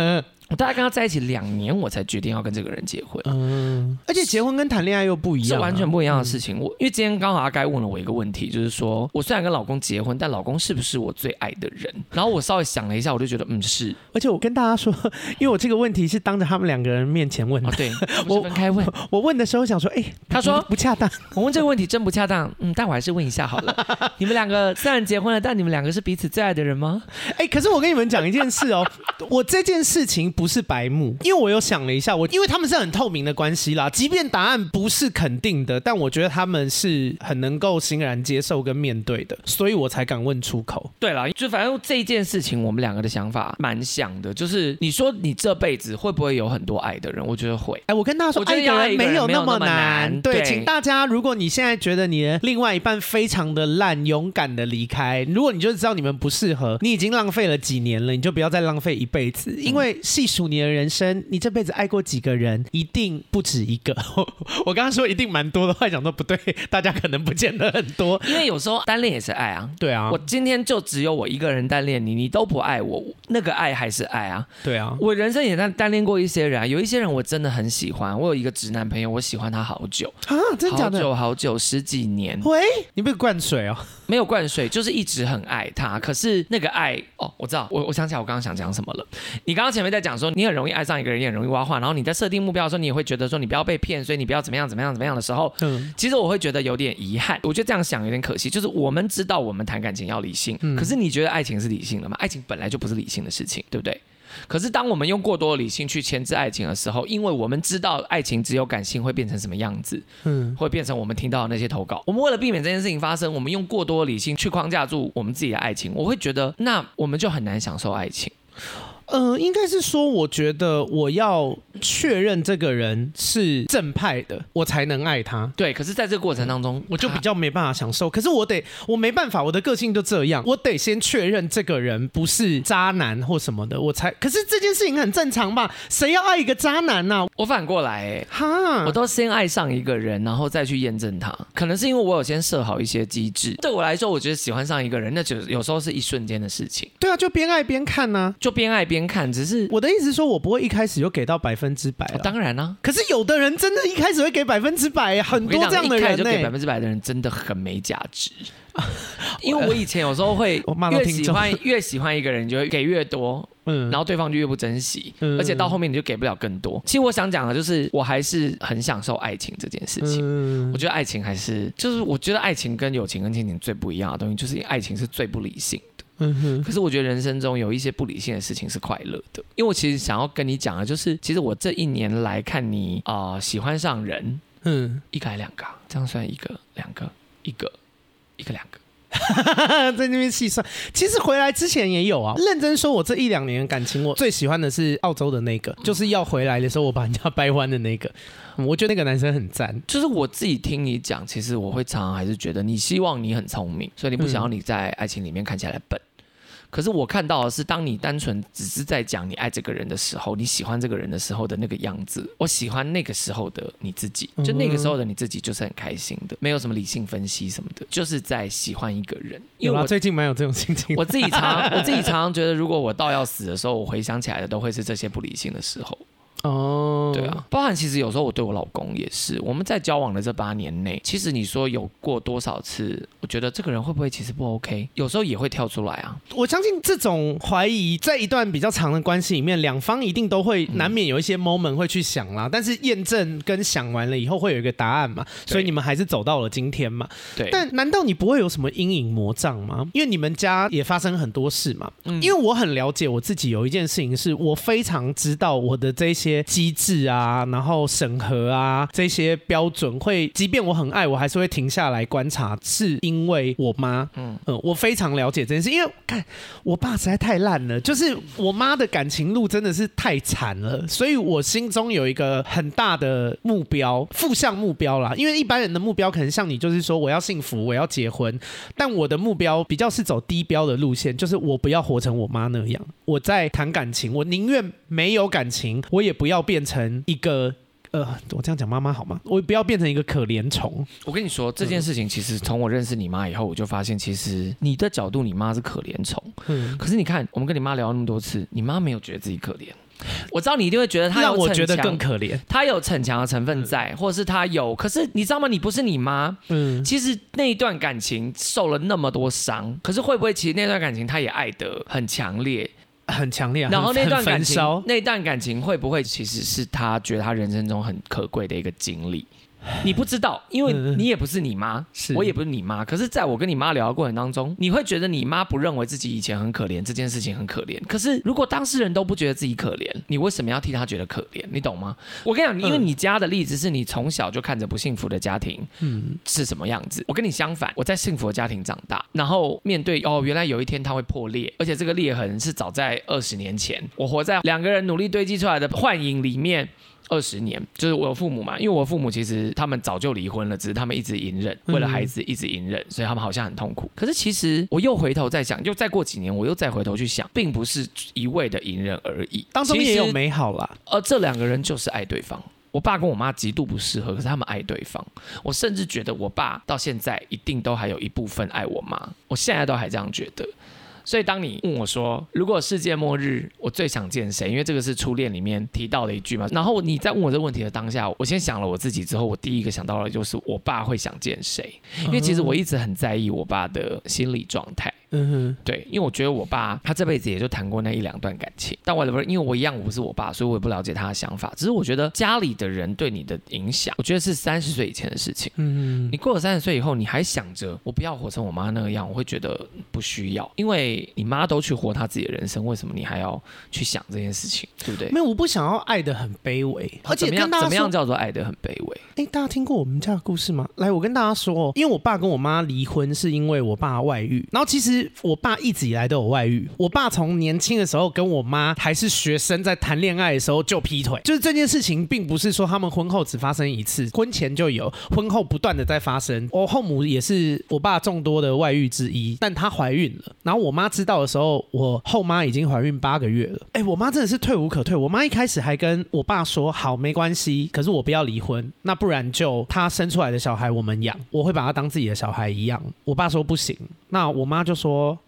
沒有。 大概跟他在一起兩年，我才決定要跟這個人結婚。嗯，而且結婚跟談戀愛又不一樣，啊，這完全不一樣的事情。嗯、我因為今天剛好阿該問了我一個問題，就是說我雖然跟老公結婚，但老公是不是我最愛的人？然後我稍微想了一下，我就覺得嗯，是。而且我跟大家說，因為我這個問題是當着他們兩個人面前問的。哦、對，我分開問我。我問的時候想說，哎、欸，他說、嗯、不，不恰當。我問這個問題真不恰當。嗯，但我還是問一下好了。 你們兩個雖然結婚了，但你們兩個是彼此最愛的人嗎？誒、欸，可是我跟你們講一件事哦，我這件事情。 不是白目，因為我又想了一下，我因為他們是很透明的關係啦，即便答案不是肯定的，但我覺得他們是很能夠欣然接受跟面對的，所以我才敢問出口。對啦，就反正這件事情，我們兩個的想法蠻像的，就是你說你這輩子會不會有很多愛的人？我覺得會。哎，我跟他說，我覺得沒有那麼難。對，對，請大家，如果你現在覺得你的另外一半非常的爛，勇敢的離開。如果你就知道你們不適合，你已經浪費了幾年了，你就不要再浪費一輩子，因為細。數你的人生，你這輩子愛過幾個人？一定不止一個。 我剛剛說一定蠻多的話，講的不對，大家可能不見得很多。因為有時候單戀也是愛啊。對啊，我今天就只有我一個人單戀你，你都不愛我，那個愛還是愛啊？對啊，我人生也在單戀過一些人啊，有一些人我真的很喜歡。我有一個直男朋友，我喜歡他好久啊，真的假的？好久好久，十幾年。喂，你被灌水哦？沒有灌水，就是一直很愛他。可是那個愛，哦，我知道，我我想起來，我剛剛想講什麼了。你剛剛前面在講。說你很容易愛上一個人，也很容易挖換。然後你在設定目標的時候，你也會覺得說你不要被騙，所以你不要怎麼樣怎麼樣怎麼樣的時候，嗯，其實我會覺得有點遺憾。我就這樣想，有點可惜。就是我們知道我們談感情要理性，嗯，可是你覺得愛情是理性的嗎？愛情本來就不是理性的事情，對不對？可是當我們用過多的理性去牽制愛情的時候，因為我們知道愛情只有感性會變成什麼樣子，嗯，會變成我們聽到的那些投稿。我們為了避免這件事情發生，我們用過多的理性去框架住我們自己的愛情，我會覺得那我們就很難享受愛情。呃，應該是說，我覺得我要確認這個人是正派的，我才能愛他。對，可是，在這個過程當中，我，他，我就比較沒辦法享受。可是，我得，我沒辦法，我的個性就這樣，我得先確認這個人不是渣男或什麼的，我才。可是，這件事情很正常吧，誰要愛一個渣男呢？我反過來欸，哈，我都先愛上一個人，然後再去驗證他。可能是因為我有先設好一些機制。對我來說，我覺得喜歡上一個人，那就有時候是一瞬間的事情。對啊，就邊愛邊看呢，就邊愛邊。先看，只是我的意思是說我不會一開始就給到百分之百了、哦。當然啦、啊，可是有的人真的，一開始會給百分之百，很多、嗯、這樣的人呢、欸。一開始就給百分之百的人真的很沒價值， 因為我以前有時候會越喜歡,我越,喜歡越喜歡一個人，就會給越多，嗯，然後對方就越不珍惜，嗯、而且到後面你就給不了更多。其實我想講的，就是我還是很享受愛情這件事情。嗯、我覺得愛情還是，就是我覺得愛情跟友情跟親情最不一樣的東西，就是因為愛情是最不理性的。嗯哼，可是我覺得人生中有一些不理性的事情是快樂的，因為我其實想要跟你講的，就是其實我這一年來看你啊、呃，喜歡上人，嗯，一個還兩個，這樣算一個、兩個、一個、一個、兩個， 在那邊細算。其實回來之前也有啊，認真說，我這一兩年感情，我最喜歡的是澳洲的那個，嗯、就是要回來的時候我把人家掰彎的那個，我覺得那個男生很讚。就是我自己聽你講，其實我會常常還是覺得你希望你很聰明，所以你不想要你在愛情裡面看起來來笨。可是我看到的是，當你單純只是在講你愛這個人的時候，你喜歡這個人的時候的那個樣子，我喜歡那個時候的你自己，就那個時候的你自己就是很開心的，沒有什麼理性分析什麼的，就是在喜歡一個人。因為我最近蠻有這種心情我常常，我自己常我自己常覺得，如果我到要死的時候，我回想起來的都會是這些不理性的時候。哦，對啊，包含其實有時候我對我老公也是，我們在交往的這八年內，其實你說有過多少次，我覺得這個人會不會其實不 OK？有時候也會跳出來啊。我相信這種懷疑在一段比較長的關係裡面，兩方一定都會難免有一些 moment 會去想啦，嗯、但是驗證跟想完了以後會有一個答案嘛，對所以你們還是走到了今天嘛。對，但難道你不會有什麼陰影魔障嗎？因為你們家也發生很多事嘛。嗯，因為我很了解我自己，有一件事情是我非常知道我的這些。機制啊，然後審核啊，這些標準會，即便我很愛，我還是會停下來觀察，是因為我媽，嗯、呃、嗯，我非常了解這件事，因為看我爸實在太爛了，就是我媽的感情路真的是太慘了，所以我心中有一個很大的目標，負向目標啦，因為一般人的目標可能像你，就是說我要幸福，我要結婚，但我的目標比較是走低標的路線，就是我不要活成我媽那樣，我在談感情，我寧願沒有感情，我也。不要變成一個呃，我這樣講媽媽好嗎？我不要變成一個可憐蟲。我跟你說這件事情，其實從我認識你媽以後，我就發現，其實你的角度，你媽是可憐蟲。嗯。可是你看，我們跟你媽聊了那麼多次，你媽沒有覺得自己可憐。嗯、我知道你一定會覺得她，讓我覺得更可憐。她有逞強的成分在，嗯、或者是她有。可是你知道嗎？你不是你媽。嗯。其實那一段感情受了那麼多傷，可是會不會其實那段感情她也愛得很強烈？很強烈，然後那段感情，那段感情會不會其實是他覺得他人生中很可貴的一個經歷？你不知道，因為你也不是你媽，嗯，是。我也不是你媽。可是，在我跟你媽聊的過程當中，你會覺得你媽不認為自己以前很可憐，這件事情很可憐。可是，如果當事人都不覺得自己可憐，你為什麼要替她覺得可憐？你懂嗎？我跟你講，因為你家的例子是你從小就看着不幸福的家庭，嗯，是什麼樣子？我跟你相反，我在幸福的家庭長大，然後面對哦，原來有一天它會破裂，而且這個裂痕是早在二十年前，我活在兩個人努力堆積出來的幻影裡面。二十年，就是我父母嘛，因為我父母其實他們早就離婚了，只是他們一直隱忍，為了孩子一直隱忍，所以他們好像很痛苦。可是其實我又回頭再想，又再過幾年，我又再回頭去想，並不是一味的隱忍而已。當中也有美好啦。而、呃、這兩個人就是愛對方。我爸跟我媽極度不適合，可是他們愛對方。我甚至覺得我爸到現在一定都還有一部分愛我媽，我現在都還這樣覺得。所以，當你問我說，如果世界末日，我最想見誰？因為這個是初戀裡面提到的一句嘛。然後你在問我這個問題的當下，我先想了我自己之後，我第一個想到的就是我爸會想見誰，因為其實我一直很在意我爸的心理狀態。嗯哼，對，因為我覺得我爸他這輩子也就談過那一兩段感情，但我也不是，因為我一樣我不是我爸，所以我也不了解他的想法。只是我覺得家裡的人對你的影響，我覺得是三十歲以前的事情。嗯哼，你過了三十歲以後，你還想着我不要活成我媽那個樣，我會覺得不需要，因為你媽都去活她自己的人生，為什麼你還要去想這件事情？對不對？沒有，我不想要愛得很卑微，而且怎麼樣？怎麼樣叫做愛得很卑微？哎，大家聽過我們家的故事嗎？來，我跟大家說，因為我爸跟我媽離婚是因為我爸外遇，然後其實。我爸一直以來都有外遇。我爸從年輕的時候跟我媽還是學生在談戀愛的時候就劈腿，就是這件事情並不是說他們婚後只發生一次，婚前就有，婚後不斷的在發生。我後母也是我爸眾多的外遇之一，但她懷孕了，然後我媽知道的時候，我後媽已經懷孕八個月了。哎，我媽真的是退無可退。我媽一開始還跟我爸說：“好，沒關係，可是我不要離婚，那不然就她生出來的小孩我們養，我會把她當自己的小孩一樣。”我爸說：“不行。”那我媽就說：“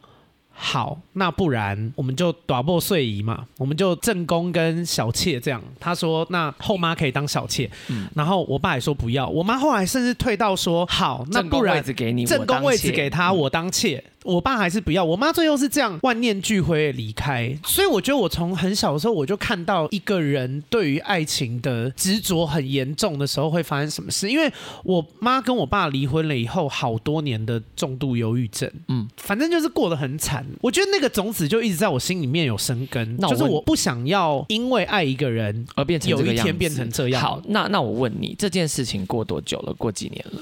好，那不然我們就打破碎儀嘛，我們就正宮跟小妾這樣。”她說：“那後媽可以當小妾。嗯”然後我爸也說不要。我媽後來甚至退到說：“好，那不然正宮位置給你，正宮位置給她，我當妾。嗯”我爸還是不要，我媽最後是這樣萬念俱灰的離開，所以我覺得我從很小的時候我就看到一個人對於愛情的執着很嚴重的時候會發生什麼事？因為我媽跟我爸離婚了以後，好多年的重度憂鬱症，嗯，反正就是過得很慘。我覺得那個種子就一直在我心裡面有生根，就是我不想要因為愛一個人而變成這樣，有一天變成這樣。好，那那我問你，這件事情過多久了？過幾年了？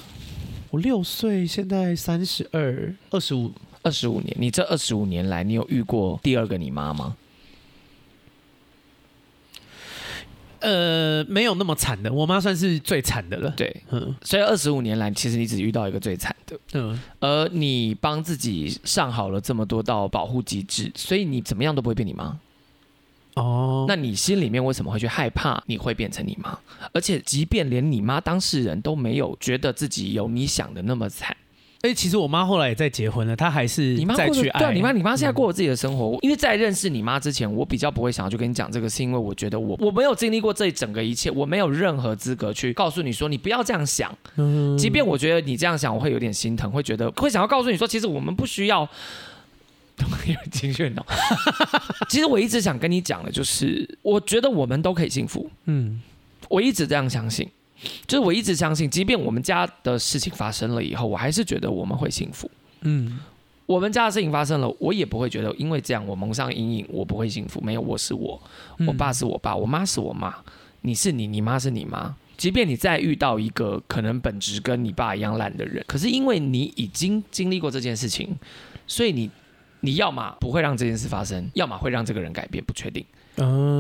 我六歲，現在三十二，二十五，二十五年。你這二十五年來，你有遇過第二個你媽嗎？呃，沒有那麼慘的，我媽算是最慘的了。對，嗯。所以二十五年來，其實你只遇到一個最慘的。嗯。而你幫自己上好了這麼多道保護機制，所以你怎麼樣都不會被你媽。哦，oh. 那你心裡面為什麼會去害怕你會變成你媽？而且，即便連你媽當事人都沒有覺得自己有你想的那麼慘。哎、欸，其實我媽後來也在結婚了，她還是去愛、欸、你媽過得對你媽，你媽現在過我自己的生活。嗯、因為在認識你媽之前，我比較不會想要去跟你講這個，是因為我覺得我我沒有經歷過這一整個一切，我沒有任何資格去告訴你說你不要這樣想。嗯、即便我覺得你這樣想，我會有點心疼，會覺得會想要告訴你說，其實我們不需要。有情緒呢。 其實我一直想跟你講的，就是我覺得我們都可以幸福。嗯，我一直這樣相信，就是我一直相信，即便我們家的事情發生了以後，我還是覺得我們會幸福。嗯，我們家的事情發生了，我也不會覺得因為這樣我蒙上陰影，我不會幸福。沒有，我是我，我爸是我爸，我媽是我媽，你是你，你媽是你媽。即便你再遇到一個可能本質跟你爸一樣爛的人，可是因為你已經經歷過這件事情，所以你。你要麼不會讓這件事發生，要麼會讓這個人改變，不確定。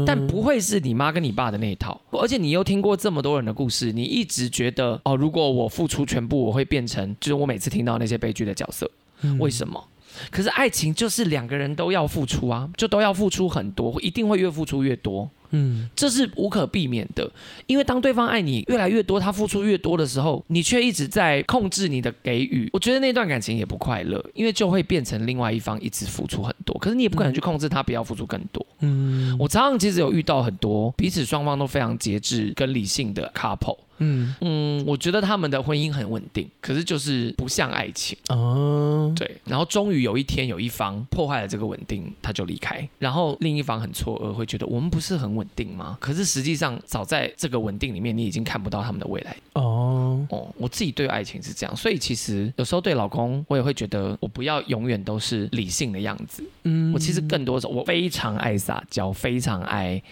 但不會是你媽跟你爸的那一套。而且你又聽過這麼多人的故事，你一直覺得哦，如果我付出全部，我會變成就是我每次聽到那些悲劇的角色，嗯。為什麼？可是愛情就是兩個人都要付出啊，就都要付出很多，一定會越付出越多。嗯，這是無可避免的，因為當對方愛你越來越多，他付出越多的時候，你卻一直在控制你的給予。我覺得那段感情也不快樂，因為就會變成另外一方一直付出很多，可是你也不可能去控制他不要付出更多。嗯，我常常其實有遇到很多彼此雙方都非常節制跟理性的 couple。嗯嗯，我覺得他們的婚姻很穩定，可是就是不像愛情哦。對，然後終於有一天有一方破壞了這個穩定，他就離開，然後另一方很錯愕，會覺得我們不是很穩定嗎？可是實際上早在這個穩定裡面，你已經看不到他們的未來哦。哦，我自己對愛情是這樣，所以其實有時候對老公，我也會覺得我不要永遠都是理性的樣子。嗯，我其實更多時候是我非常愛撒嬌，非常愛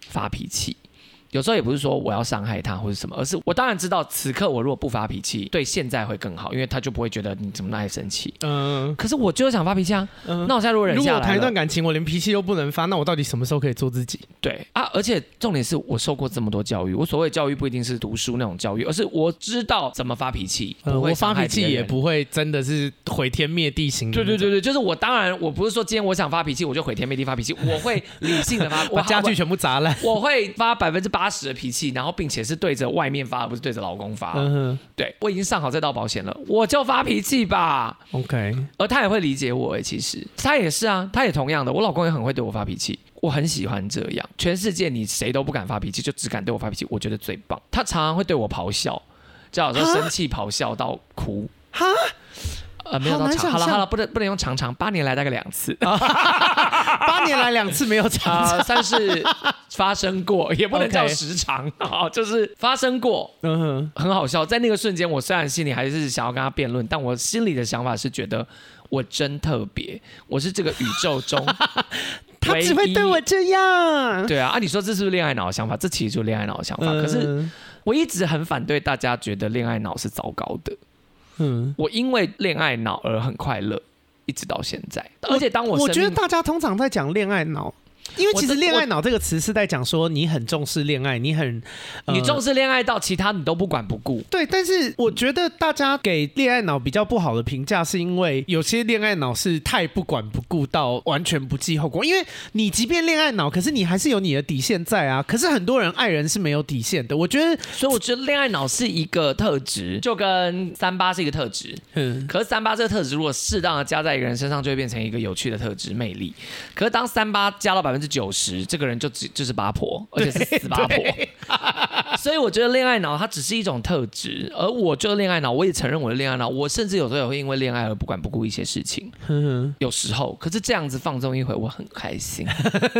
發脾氣。有時候也不是說我要傷害他或者什麼，而是我當然知道此刻我如果不發脾氣，對現在會更好，因為他就不會覺得你怎麼那麼愛生氣。嗯，可是我就是想發脾氣啊。那我現在如果忍下來，如果談一段感情，我連脾氣都不能發，那我到底什麼時候可以做自己？對啊，而且重點是我受過這麼多教育，我所謂教育不一定是讀書那種教育，而是我知道怎麼發脾氣，我發脾氣也不會真的是毀天滅地型。對對對對，就是我當然我不是說今天我想發脾氣，我就毀天滅地發脾氣，我會理性的發，我家具全部砸爛。我會發百分之八，發十的脾氣，然後並且是對着外面發，而不是對着老公發，嗯哼。對我已經上好這道保險了，我就發脾氣吧 okay。OK，而他也會理解我，欸、其實他也是啊，他也同樣的。我老公也很會對我發脾氣，我很喜歡這樣。全世界你誰都不敢發脾氣，就只敢對我發脾氣，我覺得最棒。他常常會對我咆哮，叫說生氣咆哮到哭蛤。哈，呃、沒有到常，好，好了好了，不能不能用常常，八年來大概兩次， 八年來兩次沒有常，啊，算是。 發生過也不能叫時常啊 Okay.，就是發生過，嗯哼，很好笑。在那個瞬間，我雖然心裡還是想要跟他辯論，但我心裡的想法是覺得我真特別，我是這個宇宙中他只會對我這樣。對啊，啊你說這是不是戀愛腦的想法？這其實就是戀愛腦的想法。嗯、可是我一直很反對大家覺得戀愛腦是糟糕的。嗯，我因為戀愛腦而很快樂，一直到現在。我而且當我我覺得大家通常在講戀愛腦。因為其實“戀愛腦”這個詞是在講說你很重視戀愛，你很、呃、你重視戀愛到其他你都不管不顧。對，但是我覺得大家給“戀愛腦”比較不好的評價，是因為有些戀愛腦是太不管不顧到完全不計後果。因為你即便戀愛腦，可是你還是有你的底線在啊。可是很多人愛人是沒有底線的。我覺得，所以我覺得“戀愛腦”是一個特質，就跟“三八”是一個特質。嗯、可是“三八”這個特質如果適當的加在一個人身上，就會變成一個有趣的特質，魅力。可是當“三八”加到百百分之九十，90，這個人就只就是八婆，而且是死八婆。 所以我覺得戀愛腦它只是一種特質，而我就是戀愛腦，我也承認我的戀愛腦。我甚至有時候也會因為戀愛而不管不顧一些事情，呵呵，有時候。可是這樣子放縱一回，我很開心。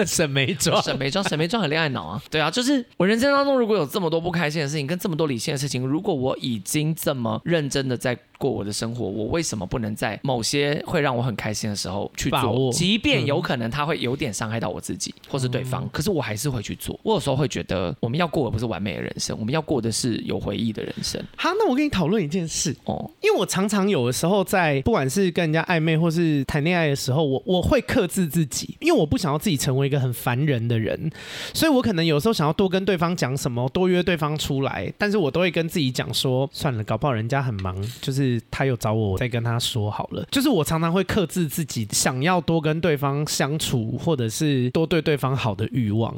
沈眉莊，沈眉莊，沈眉莊很戀愛腦啊，對啊，就是我人生當中如果有這麼多不開心的事情，跟這麼多理性的事情，如果我已經這麼認真的在過我的生活，我為什麼不能在某些會讓我很開心的時候去把握？即便有可能他會有點傷害到我。自己或是對方，嗯、可是我還是會去做。我有時候會覺得，我們要過的不是完美的人生，我們要過的是有回憶的人生。好，那我跟你討論一件事哦，嗯、因為我常常有的時候在不管是跟人家曖昧或是談戀愛的時候，我我會克制自己，因為我不想要自己成為一個很煩人的人，所以我可能有時候想要多跟對方講什麼，多約對方出來，但是我都會跟自己講說，算了，搞不好人家很忙，就是他又找我，我再跟他說好了。就是我常常會克制自己，想要多跟對方相處，或者是。多對對方好的慾望，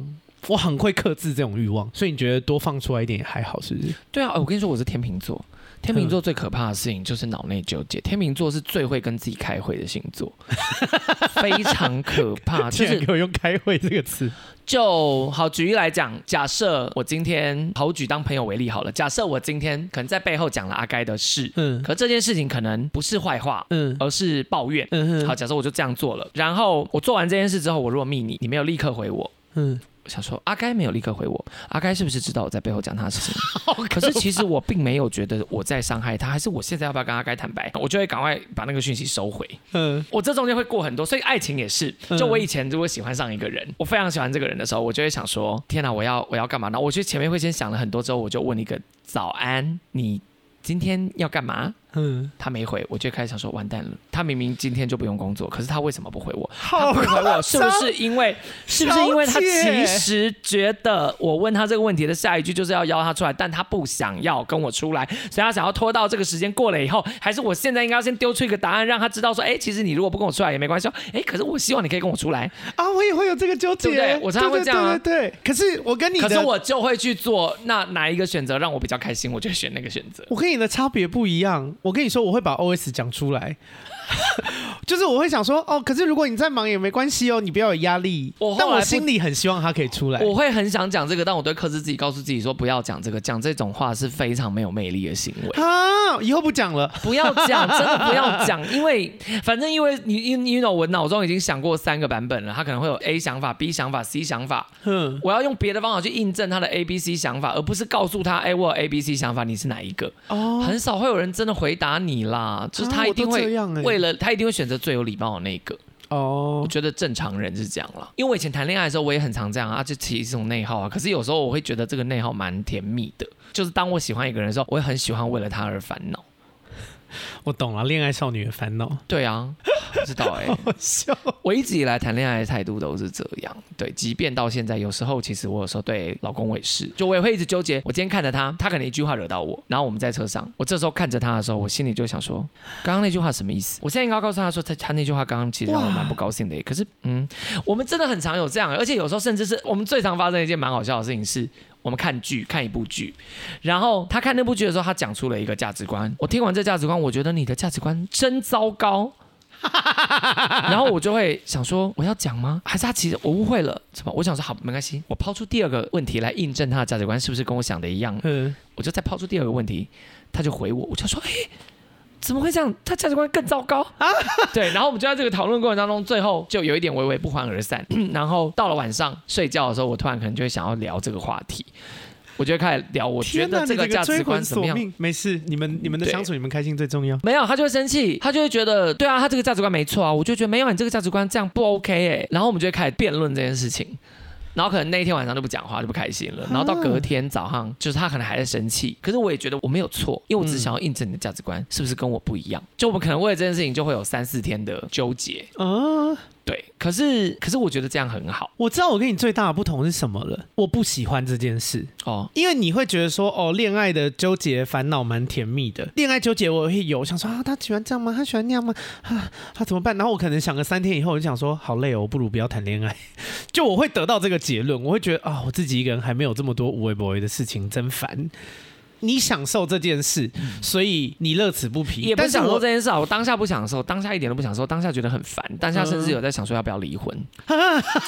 我很會克制這種慾望，所以你覺得多放出來一點也還好，是不是？對啊，我跟你說，我是天秤座。天秤座最可怕的事情就是腦內糾結。天秤座是最會跟自己開會的星座， 非常可怕。竟、就是、 然給我用“開會”這個詞。就好舉例來講，假設我今天好舉當朋友為例好了，假設我今天可能在背後講了阿該的事，嗯，可這件事情可能不是壞話，嗯，而是抱怨，嗯哼好，假設我就這樣做了，然後我做完這件事之後，我如果密你，你沒有立刻回我，嗯。我想說阿該沒有立刻回我，阿該是不是知道我在背後講他的事情？好可怕，可是其實我並沒有覺得我在傷害他，還是我現在要不要跟阿該坦白？我就會趕快把那個訊息收回。嗯，我這中間會過很多，所以愛情也是。就我以前如果喜歡上一個人，嗯、我非常喜歡這個人的時候，我就會想說：天哪、啊，我要我要幹嘛？呢？我覺得前面會先想了很多之後，我就問一個早安，你今天要幹嘛？嗯，他沒回，我就開始想說，完蛋了！他明明今天就不用工作，可是他為什麼不回我？好他不回，回我，是不是因為，超是不是因為他其實覺得我問他這個問題的下一句就是要邀他出來，但他不想要跟我出來，嗯、所以他想要拖到這個時間過了以後，還是我現在應該要先丟出一個答案，讓他知道說，哎、欸，其實你如果不跟我出來也沒關係，哎、欸，可是我希望你可以跟我出來啊！我也會有這個糾結，對不對？我常常會這樣，對對，對對對。可是我跟你，可是我就會去做，那哪一個選擇讓我比較開心，我就選那個選擇。我跟你的差別不一樣。我跟你說，我會把 OS 講出來。 就是我會想說哦，可是如果你再忙也沒關係哦，你不要有壓力。我但我心裡很希望他可以出來。我會很想講這個，但我對克制自己，告訴自己說不要講這個，講這種話是非常沒有魅力的行為。啊，以後不講了，不要講，真的不要講， 因為反正因為你因為你知道，我腦中已經想過三個版本了，他可能會有 A 想法、B 想法、C 想法。哼我要用別的方法去印證他的 A、B、C 想法，而不是告訴他哎，我有 A、B、C 想法你是哪一個？哦，很少會有人真的回答你啦，就是他一定會、啊欸、為了他一定會選擇。最有禮貌的那一個哦，我覺得正常人是這樣啦，因為我以前談戀愛的時候，我也很常這樣啊，就提一種內耗啊。可是有時候我會覺得這個內耗蠻甜蜜的，就是當我喜歡一個人的時候，我也很喜歡為了他而煩惱。我懂了，戀愛少女的煩惱。對啊，不知道哎、欸，我笑。我一直以來談戀愛的態度都是這樣。對，即便到現在，有時候其實我有時候對、欸、老公我也是，就我也會一直糾結。我今天看着他，他可能一句話惹到我，然後我們在車上，我這時候看着他的時候，我心裡就想說，剛剛那句話什麼意思？我現在應該告訴他說他，他他那句話剛剛其實讓我蠻不高興的、欸。哇可是，嗯，我們真的很常有這樣、欸，而且有時候甚至是我們最常發生一件蠻好笑的事情是。我們看劇，看一部劇，然後他看那部劇的時候，他講出了一個價值觀。我聽完這價值觀，我覺得你的價值觀真糟糕，然後我就會想說，我要講嗎？還是他其實我誤會了，是吧？我想說好，沒關係，我拋出第二個問題來印證他的價值觀是不是跟我想的一樣？嗯，我就再拋出第二個問題，他就回我，我就說，誒……怎麼會這樣？他價值觀更糟糕啊！對，然後我們就在這個討論過程當中，最後就有一點微微不歡而散。然後到了晚上睡覺的時候，我突然可能就會想要聊這個話題。我就會開始聊，我覺得這個價值觀怎麼樣？啊、沒事，你們你們的相處，你們開心最重要。沒有，他就會生氣，他就會覺得對啊，他這個價值觀沒錯啊，我就覺得沒有你這個價值觀這樣不 OK 哎、欸。然後我們就會開始辯論這件事情。然後可能那一天晚上都不講話，就不開心了。然後到隔天早上，就是他可能還在生氣，可是我也覺得我沒有錯，因為我只想要印證你的價值觀、嗯、是不是跟我不一樣。就我們可能為了這件事情，就會有三四天的糾結。哦。對，可是可是我覺得這樣很好。我知道我跟你最大的不同是什麼了，我不喜歡這件事哦，因為你會覺得說，哦，戀愛的糾結煩惱蠻甜蜜的，戀愛糾結我會有我想說啊，他喜歡這樣嗎？他喜歡那樣嗎？啊，他怎麼辦？然後我可能想個三天以後，我就想說，好累哦，我不如不要談戀愛，就我會得到這個結論，我會覺得啊、哦，我自己一個人還沒有這麼多無微不為的事情，真煩。你享受這件事，所以你樂此不疲。嗯、但享受這件事啊，我當下不享受，當下一點都不享受，當下覺得很煩，當下甚至有在想說要不要離婚。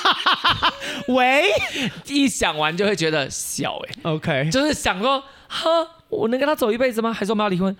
喂，一想完就會覺得笑、欸。OK，就是想說，呵，我能跟他走一輩子嗎？還是我們要離婚？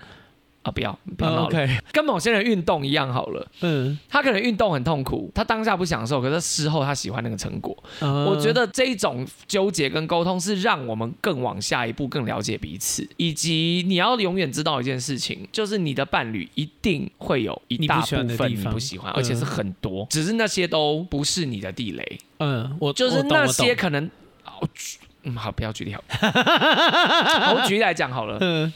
不要，OK，不要跟某些人運動一樣好了。嗯，他可能運動很痛苦，他當下不享受，可是事後他喜歡那個成果。我覺得這一種糾結跟溝通是讓我們更往下一步，更了解彼此。以及你要永遠知道一件事情，就是你的伴侶一定會有一大部分你不喜歡，而且是很多，只是那些都不是你的地雷。嗯，我就是那些可能，嗯，好，不要舉例，好，我舉例來講好了。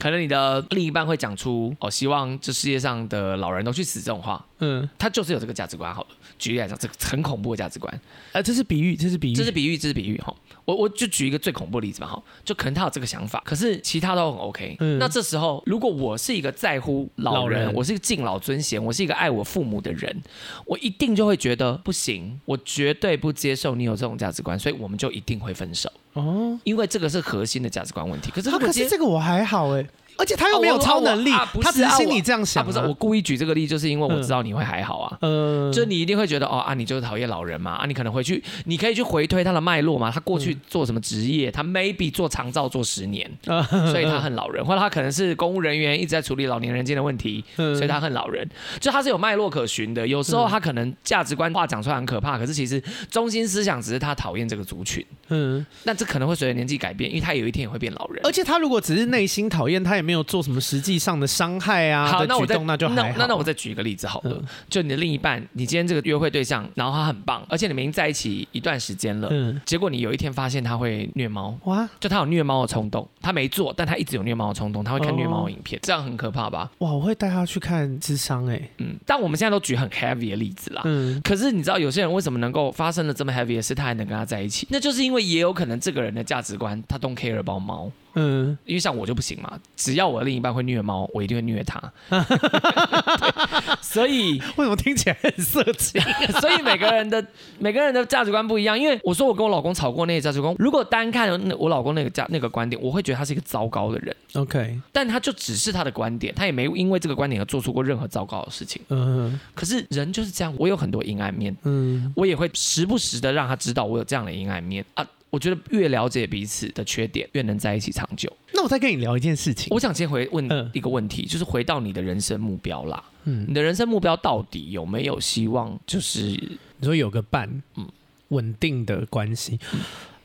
可能你的另一半會講出“哦，希望這世界上的老人都去死”這種話，嗯，他就是有這個價值觀。好了，舉例來講，這個很恐怖的價值觀，呃，這是比喻，這是比喻，這是比喻，這是比喻，哈。我我就舉一個最恐怖的例子吧，哈，就可能他有這個想法，可是其他都很 OK。嗯、那這時候，如果我是一個在乎老人，老人 我是一個敬老尊賢，我是一個愛我父母的人，我一定就會覺得不行，我絕對不接受你有這種價值觀，所以我們就一定會分手。哦，因為這個是核心的價值觀問題。可是、啊，可是這個我還好哎、欸。而且他又沒有超能力，他只是心裡這樣想，啊哦啊啊不啊啊。不是，我故意舉這個例，就是因為我知道你會還好啊。嗯，就你一定會覺得，哦啊，你就是討厭老人嘛啊，你可能回去，你可以去回推他的脈絡嘛。他過去做什麼職業？他 maybe 做長照做十年，嗯，所以他恨老人。或者他可能是公務人員，一直在處理老年人間的問題，所以他恨老人。就他是有脈絡可循的。有時候他可能價值觀話講出來很可怕，可是其實中心思想只是他討厭這個族群。嗯，那這可能會隨着年紀改變，因為他有一天也會變老人。而且他如果只是內心討厭，嗯，他也沒。沒有做什麼實際上的傷害啊的舉動，那就好了，好，那我那那那那我再舉一個例子好了，嗯、就你的另一半，你今天這個約會對象，然後他很棒，而且你們已經在一起一段時間了，嗯，結果你有一天發現他會虐貓，哇，就他有虐貓的衝動，他沒做，但他一直有虐貓的衝動，他會看虐貓的影片，哦、這樣很可怕吧？哇，我會帶他去看諮商，欸，哎，嗯，但我們現在都舉很 heavy 的例子啦，嗯，可是你知道有些人為什麼能夠發生的這麼 heavy 的事，他還能跟他在一起，那就是因為也有可能這個人的價值觀他 don't care about 貓。嗯，因為像我就不行嘛，只要我的另一半會虐貓，我一定會虐他。 所以為什麼聽起來很色情？ 所以每個人的 每個人的價值觀不一樣。因為我說我跟我老公吵過那個價值觀。如果單看我老公那個價那個觀點，我會覺得他是一個糟糕的人。OK，但他就只是他的觀點，他也沒因為這個觀點而做出過任何糟糕的事情。嗯嗯哼。可是人就是這樣，我有很多陰暗面。嗯，我也會時不時的讓他知道我有這樣的陰暗面啊。我覺得越了解彼此的缺點，越能在一起長久。那我再跟你聊一件事情，我想先回問一個問題，嗯，就是回到你的人生目標啦。嗯，你的人生目標到底有沒有希望？就是你說有個伴，嗯，穩定的關係。嗯。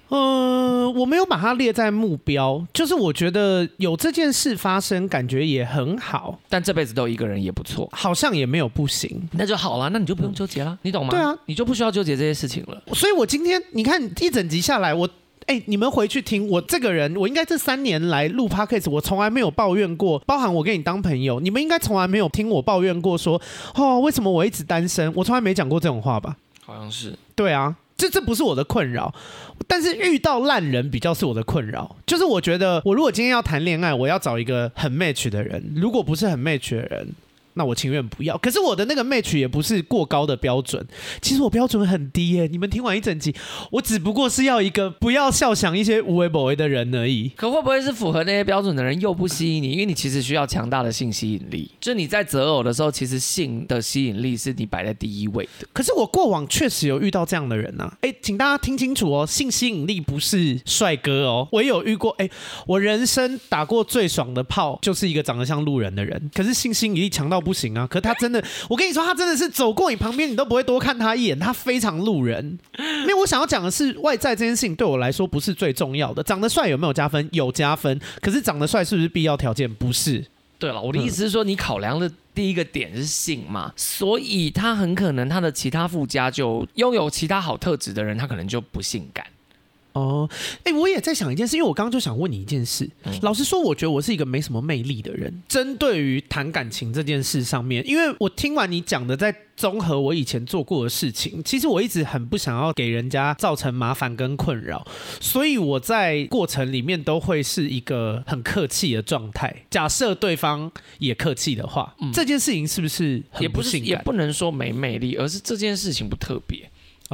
呃，我沒有把它列在目標，就是我覺得有這件事發生，感覺也很好。但這輩子都一個人也不錯，好像也沒有不行，那就好了，那你就不用糾結了，你懂嗎？對啊，你就不需要糾結這些事情了。所以我今天你看一整集下來，我哎、欸，你們回去聽，我這個人，我應該這三年來錄 podcast，我從來沒有抱怨過，包含我跟你當朋友，你們應該從來沒有聽我抱怨過說，說哦，為什麼我一直單身？我從來沒講過這種話吧？好像是，對啊。這這不是我的困擾，但是遇到爛人比較是我的困擾。就是我覺得，我如果今天要談戀愛，我要找一個很 match 的人。如果不是很 match 的人。那我情願不要，可是我的那個 match 也不是過高的標準，其實我標準很低耶、欸。你們聽完一整集，我只不過是要一個不要笑，想一些有的沒的的人而已。可會不會是符合那些標準的人又不吸引你？因為你其實需要強大的性吸引力，就你在擇偶的時候，其實性的吸引力是你擺在第一位的。可是我過往確實有遇到這樣的人吶、啊。哎、欸，請大家聽清楚哦，性吸引力不是帥哥哦。我也有遇過，哎、欸，我人生打過最爽的炮就是一個長得像路人的人，可是性吸引力強到。不行啊！可他真的，我跟你說，他真的是走過你旁邊，你都不會多看他一眼，他非常路人。因為我想要講的是，外在這件事情對我來說不是最重要的。長得帥有沒有加分？有加分。可是長得帥是不是必要條件？不是。對了，我的意思是說，你考量的第一個點是性嘛？嗯。所以他很可能他的其他附加就擁有其他好特質的人，他可能就不性感。哦，哎、oh，我也在想一件事，因為我剛剛就想問你一件事。嗯、老實說，我覺得我是一個沒什麼魅力的人，針對於談感情這件事上面，因為我聽完你講的，在綜合我以前做過的事情，其實我一直很不想要給人家造成麻煩跟困擾，所以我在過程裡面都會是一個很客氣的狀態。假設對方也客氣的話，嗯、這件事情是不是很不，也不是，也不能說沒魅力，而是這件事情不特別。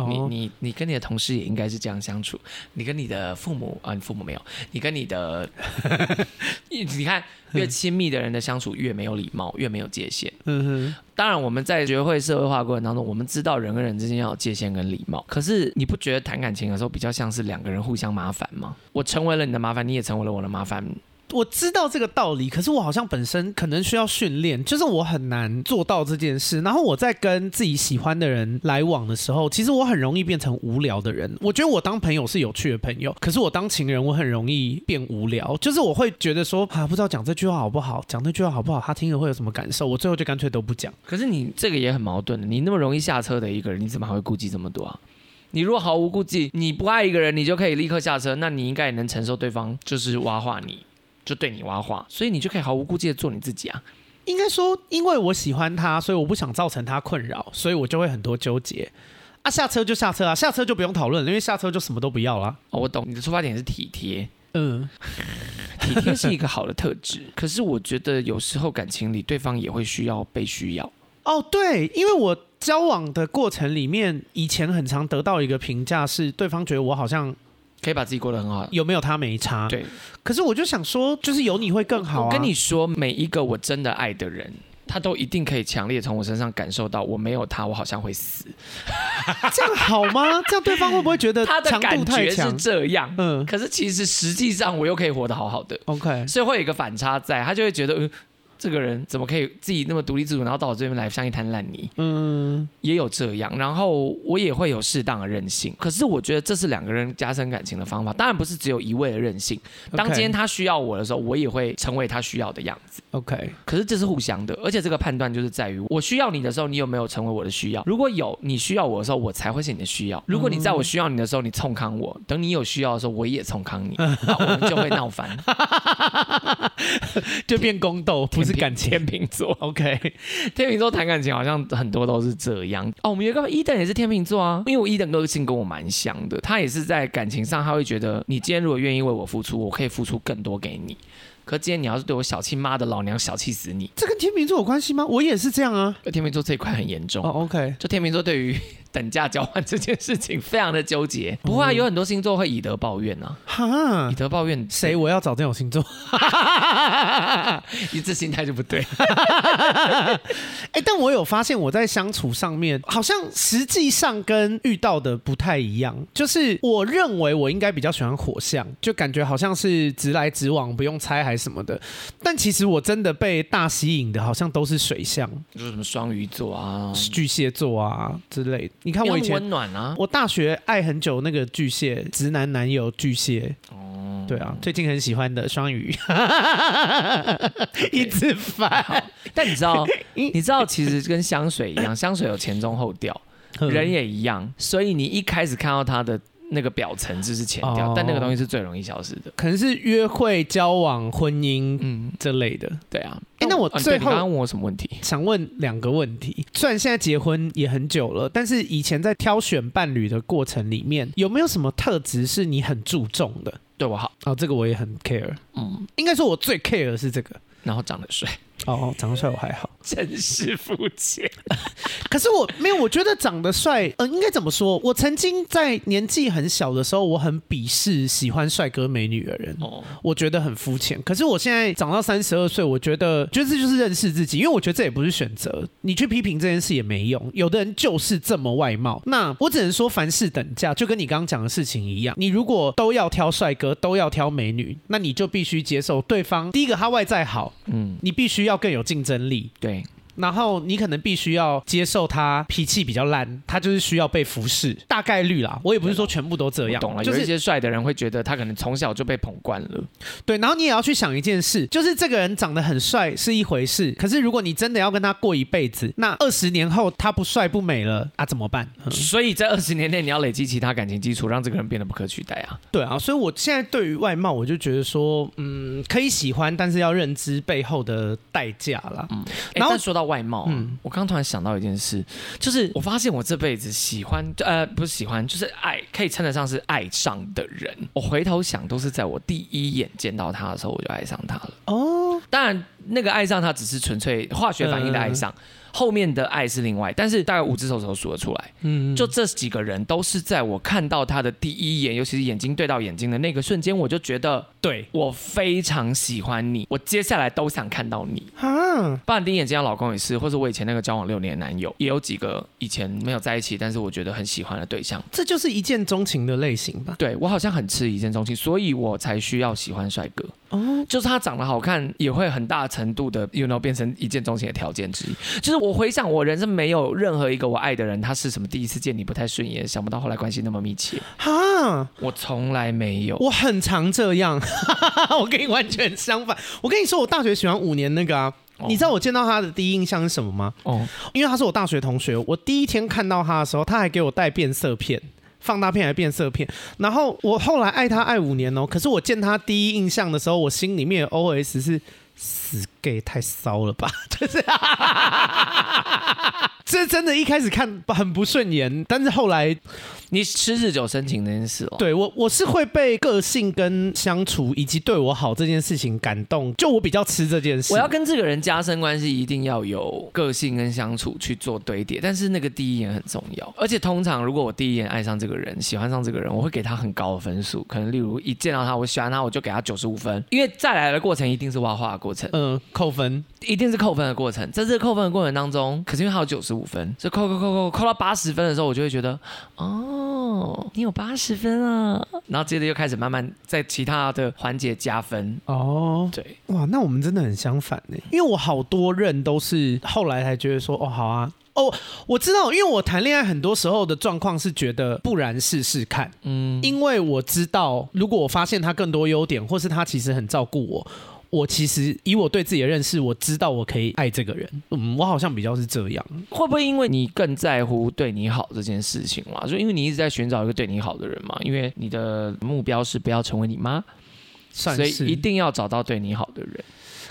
你你你跟你的同事也應該是這樣相處。你跟你的父母啊，你父母沒有，你跟你的， 你，你看越親密的人的相處越沒有禮貌，越沒有界限。嗯、哼當然，我們在學會社會化過程當中，我們知道人跟人之間要有界限跟禮貌。可是你不覺得談感情的時候比較像是兩個人互相麻煩嗎？我成為了你的麻煩，你也成為了我的麻煩。我知道這個道理，可是我好像本身可能需要訓練，就是我很難做到這件事。然後我在跟自己喜歡的人來往的時候，其實我很容易變成無聊的人。我覺得我當朋友是有趣的朋友，可是我當情人，我很容易變無聊。就是我會覺得說啊，不知道講這句話好不好，講那句話好不好，他聽了會有什麼感受？我最後就乾脆都不講。可是你這個也很矛盾的，你那麼容易下車的一個人，你怎麼還會顧忌這麼多啊？你如果毫無顧忌，你不愛一個人，你就可以立刻下車，那你應該也能承受對方就是挖化你。就對你挖話，所以你就可以毫無顧忌的做你自己啊。應該說，因為我喜歡他，所以我不想造成他困擾，所以我就會很多糾結。啊，下車就下車啊，下車就不用討論，因為下車就什麼都不要啦。哦，我懂，你的出發點是體貼，嗯， 體貼是一個好的特質。 可是我覺得有時候感情裡，對方也會需要被需要。哦，對，因為我交往的過程裡面，以前很常得到一個評價是，對方覺得我好像。可以把自己過得很好，有沒有他沒差。對，可是我就想說，就是有你會更好啊！我跟你說，每一個我真的愛的人，他都一定可以強烈從我身上感受到，我沒有他，我好像會死。這樣好嗎？ 這樣對方會不會覺得強度太強，他的感覺是這樣？嗯，可是其實實際上我又可以活得好好的。OK，所以會有一個反差在，在他就會覺得。嗯這個人怎麼可以自己那麼獨立自主，然後到我這邊來像一灘爛泥？嗯，也有這樣，然後我也會有適當的任性。可是我覺得這是兩個人加深感情的方法，當然不是只有一味的任性。當今天他需要我的時候，我也會成為他需要的樣子。OK，可是這是互相的，而且這個判斷就是在於我需要你的時候，你有沒有成為我的需要？如果有，你需要我的時候，我才會是你的需要。如果你在我需要你的時候你沖康我，等你有需要的時候我也沖康你，我們就會鬧翻， 就變宮鬥。甜不是敢天秤座，OK， 天秤座談感情好像很多都是這樣哦。我們有一個 Edan 也是天秤座啊，因為我 Edan 個性跟我蠻像的，他也是在感情上，他會覺得你今天如果願意為我付出，我可以付出更多給你。可今天你要是對我小氣，媽的老娘小氣死你，這跟天秤座有關係嗎？我也是這樣啊，天秤座這一塊很嚴重哦。Oh, OK，就天秤座對於。等價交換這件事情非常的糾結，嗯、不會啊，有很多星座會以德報怨啊，哈，以德報怨，誰？我要找這種星座？哈哈哈，你這心態就不對。哈哈哈哎，但我有發現，我在相處上面好像實際上跟遇到的不太一樣。就是我認為我應該比較喜歡火象，就感覺好像是直來直往，不用猜還是什麼的。但其實我真的被大吸引的，好像都是水象，就是什麼雙魚座啊、巨蟹座啊之類的。你看我以前，我大學愛很久那個巨蟹直男男友巨蟹哦，嗯、對啊，最近很喜歡的雙魚， Okay. 一直發，但你知道，你知道其實跟香水一樣，香水有前中後調，人也一樣。呵所以你一開始看到他的。那個表層就是,是前調，oh, 但那個東西是最容易消失的，可能是約會、交往、婚姻，嗯，這類的，對啊。哎、欸，那我最後剛剛、哦、問我什麼問題？想問兩個問題。雖然現在結婚也很久了，但是以前在挑選伴侶的過程裡面，有沒有什麼特質是你很注重的？對我好啊、哦，這個我也很 care。嗯，應該說我最 care 的是這個，然後長得帥。哦，長得帥我還好，真是膚淺。 可是我沒有，我覺得長得帥，呃，應該怎麼說？我曾經在年紀很小的時候，我很鄙視喜歡帥哥美女的人，哦，我覺得很膚淺。可是我現在長到三十二歲，我覺得，覺得這就是認識自己，因為我覺得這也不是選擇。你去批評這件事也沒用，有的人就是這麼外貌。那我只能說，凡事等價，就跟你剛剛講的事情一樣。你如果都要挑帥哥，都要挑美女，那你就必須接受對方。第一個，他外在好，嗯，你必須要。要更有競爭力，對。然後你可能必須要接受他脾氣比較爛，他就是需要被服侍，大概率啦。我也不是說全部都這樣，了懂了。就是、有一些帥的人會覺得他可能從小就被捧慣了，對。然後你也要去想一件事，就是這個人長得很帥是一回事，可是如果你真的要跟他過一輩子，那二十年後他不帥不美了，那、啊、怎麼辦？嗯、所以在二十年內你要累積其他感情基礎，讓這個人變得不可取代啊。對啊，所以我現在對於外貌，我就覺得說，嗯，可以喜歡，但是要認知背後的代價了。嗯，欸、然後說到外貌。外貌啊，嗯，我剛突然想到一件事，就是我發現我這輩子喜歡就，呃，不是喜歡，就是愛，可以稱得上是愛上的人。我回頭想，都是在我第一眼見到他的時候，我就愛上他了。哦，當然。那個愛上他只是純粹化學反應的愛上，後面的愛是另外。但是大概五只手指頭數得出來，嗯，就這幾個人都是在我看到他的第一眼，尤其是眼睛對到眼睛的那個瞬間，我就覺得對，我非常喜歡你，我接下來都想看到你。啊，半睜眼睛的老公也是，或者我以前那個交往六年的男友，也有幾個以前沒有在一起，但是我覺得很喜歡的對象。這就是一見鍾情的類型吧？對，我好像很吃一見鍾情，所以我才需要喜歡帥哥。哦，就是他長得好看也會很大。程度的 you know，變成一見鍾情的條件之一。就是我回想我人生，沒有任何一個我愛的人，他是什麼第一次見你不太順眼，想不到後來關係那麼密切。哈，我從來沒有，我很常這樣。 我跟你完全相反。我跟你說，我大學喜歡五年那個啊，哦、你知道我見到他的第一印象是什麼嗎？哦，因為他是我大學同學，我第一天看到他的時候，他還給我帶變色片、放大片還變色片。然後我後來愛他愛五年哦、喔，可是我見他第一印象的時候，我心裡面 O S 是，死 gay 太騷了吧！就是。這真的，一開始看很不順眼，但是後來你吃日久生情那件事哦、喔。對，我我是會被個性跟相處以及對我好這件事情感動。就我比較吃這件事，我要跟這個人加深關係，一定要有個性跟相處去做堆疊。但是那個第一眼很重要，而且通常如果我第一眼愛上這個人，喜歡上這個人，我會給他很高的分數。可能例如一見到他，我喜歡他，我就給他九十五分，因為再來的過程一定是挖花的過程，嗯、呃，扣分一定是扣分的過程。在這個扣分的過程當中，可是因為還有九十五。五分，就扣扣扣扣扣，扣到八十分的時候，我就會覺得哦，你有八十分啊。然後接着又開始慢慢在其他的環節加分。哦，對，哇，那我們真的很相反呢，因為我好多任都是後來才覺得說，哦，好啊，哦，我知道，因為我談戀愛很多時候的狀況是覺得不然試試看，嗯，因為我知道如果我發現他更多優點，或是他其實很照顧我。我其實以我對自己的認識，我知道我可以愛這個人。嗯，我好像比較是這樣，會不會因為你更在乎對你好這件事情嘛？就因為你一直在尋找一個對你好的人嘛？因為你的目標是不要成為你媽，算是，所以一定要找到對你好的人。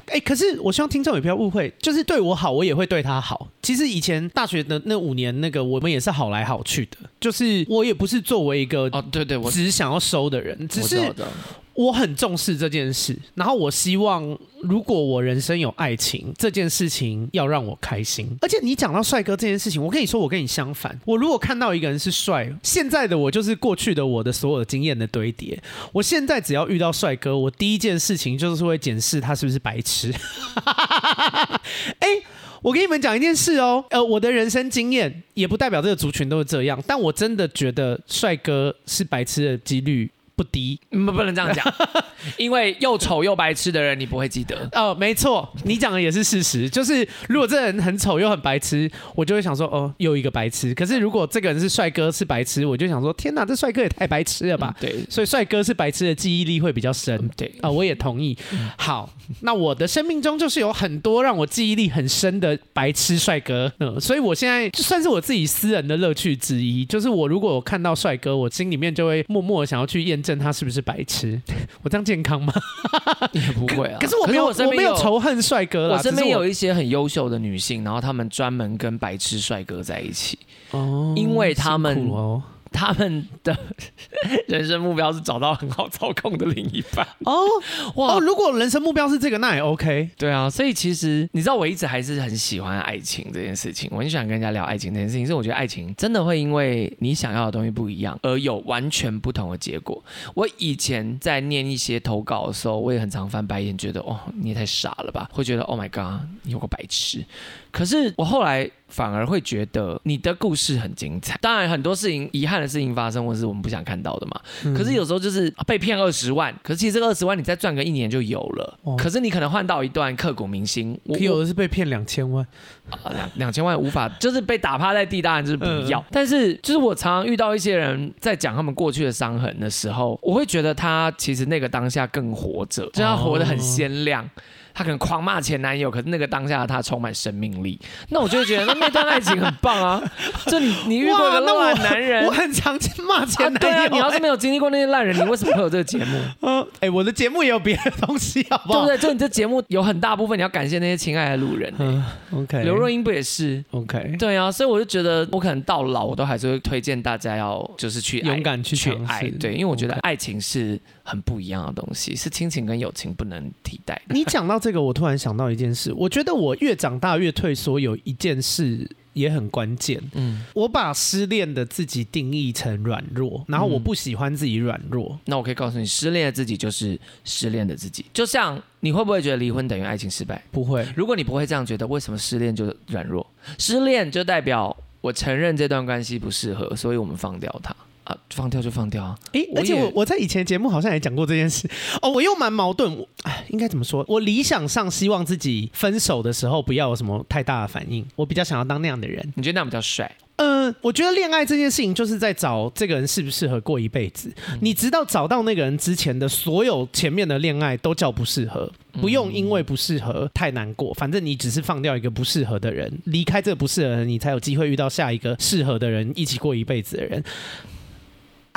哎、欸，可是我希望聽眾也不要誤會，就是對我好，我也會對他好。其實以前大學的那五年，那個我們也是好來好去的，就是我也不是作為一個哦，對對，我只想要收的人，哦、對對只是。我很重視這件事，然後我希望如果我人生有愛情這件事情，要讓我開心。而且你講到帥哥這件事情，我跟你說，我跟你相反。我如果看到一個人是帥，現在的我就是過去的我的所有經驗的堆疊。我現在只要遇到帥哥，我第一件事情就是會檢視他是不是白痴。誒、 欸，我跟你們講一件事哦，呃，我的人生經驗也不代表這個族群都是這樣，但我真的覺得帥哥是白痴的幾率。不低，不，不能這樣講，因為又醜又白痴的人你不會記得 哦。沒錯，你講的也是事實，就是如果這個人很醜又很白痴，我就會想說，哦，又一個白痴。可是如果這個人是帥哥是白痴，我就想說天哪，啊，這帥哥也太白痴了吧？嗯，對，所以帥哥是白痴的記憶力會比較深。嗯，對啊，哦，我也同意。嗯、好，那我的生命中就是有很多讓我記憶力很深的白痴帥哥。嗯，所以我現在就算是我自己私人的樂趣之一，就是我如果看到帥哥，我心裡面就會默默的想要去驗證。他是不是白痴？我這樣健康嗎？ 也不會啊，可。可是我，有，我，有，我沒有仇恨帥哥。我身邊有一些很優秀的女性，然後他們專門跟白痴帥哥在一起，哦，因為他們。他們的人生目標是找到很好操控的另一半 哦，哇哦！如果人生目標是這個，那也 OK。對啊，所以其實你知道，我一直還是很喜歡愛情這件事情，我很喜歡跟人家聊愛情這件事情，是我覺得愛情真的會因為你想要的東西不一樣，而有完全不同的結果。我以前在念一些投稿的時候，我也很常翻白眼，覺得哦，你也太傻了吧？會覺得 Oh my God，你有個白痴。可是我後來反而會覺得你的故事很精彩。當然很多事情遺憾的事情發生，或是我們不想看到的嘛。嗯、可是有時候就是被騙二十萬，可是其實這二十萬你再賺個一年就有了。哦、可是你可能換到一段刻骨銘心。我有的是被騙兩千萬，兩兩千萬無法 就是被打趴在地，當然就是不要。嗯、但是就是我常常遇到一些人在講他們過去的傷痕的時候，我會覺得他其實那個當下更活着，就他活得很鮮亮。哦她可能狂罵前男友，可是那個當下的她充滿生命力。那我就覺得那那段愛情很棒啊！ 就你你遇過的爛男人我，我很常去罵前男友。啊對啊，你要是沒有經歷過那些爛人， 你為什麼會有這個節目？嗯、呃，哎、欸，我的節目也有別的東西，好不好？對不對？就你這節目有很大部分你要感謝那些親愛的路人、欸嗯。OK，劉若英不也是？OK，對啊，所以我就覺得我可能到老我都還是會推薦大家要就是去勇敢去去愛，對，okay 因為我覺得愛情是很不一樣的東西，是親情跟友情不能替代的。你講到。這個我突然想到一件事，我覺得我越長大越退縮，有一件事也很關鍵。嗯，我把失戀的自己定義成軟弱，然後我不喜歡自己軟弱。嗯。那我可以告訴你，失戀的自己就是失戀的自己。就像你會不會覺得離婚等於愛情失敗？不會。如果你不會這樣覺得，為什麼失戀就軟弱？失戀就代表我承認這段關係不適合，所以我們放掉它。啊、放掉就放掉啊！哎、欸，而且我我，也我在以前節目好像也講過這件事哦。Oh, 我又蠻矛盾，哎，應該怎麼說？我理想上希望自己分手的時候不要有什麼太大的反應，我比較想要當那樣的人。你覺得那樣比較帥？嗯、呃，我覺得戀愛這件事情就是在找這個人適不適合過一輩子。嗯、你直到找到那個人之前的所有前面的戀愛都叫不適合，不用因為不適合太難過。反正你只是放掉一個不適合的人，離開這個不適合的人，你才有機會遇到下一個適合的人，一起過一輩子的人。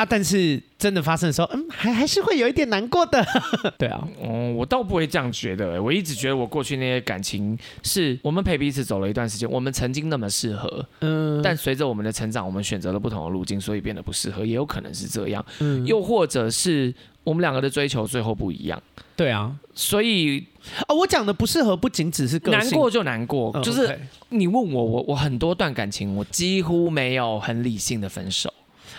但是真的發生的時候，嗯，還還是會有一點難過的。對啊，嗯，我倒不會這樣覺得，欸。我一直覺得我過去那些感情是，我們陪彼此走了一段時間，我們曾經那麼適合，嗯。但隨着我們的成長，我們選擇了不同的路徑，所以變得不適合，也有可能是這樣。嗯，又或者是我們兩個的追求最後不一樣。對啊，所以啊，我講的不適合，不僅只是難過就難過，就是你問我，我我很多段感情，我幾乎沒有很理性的分手。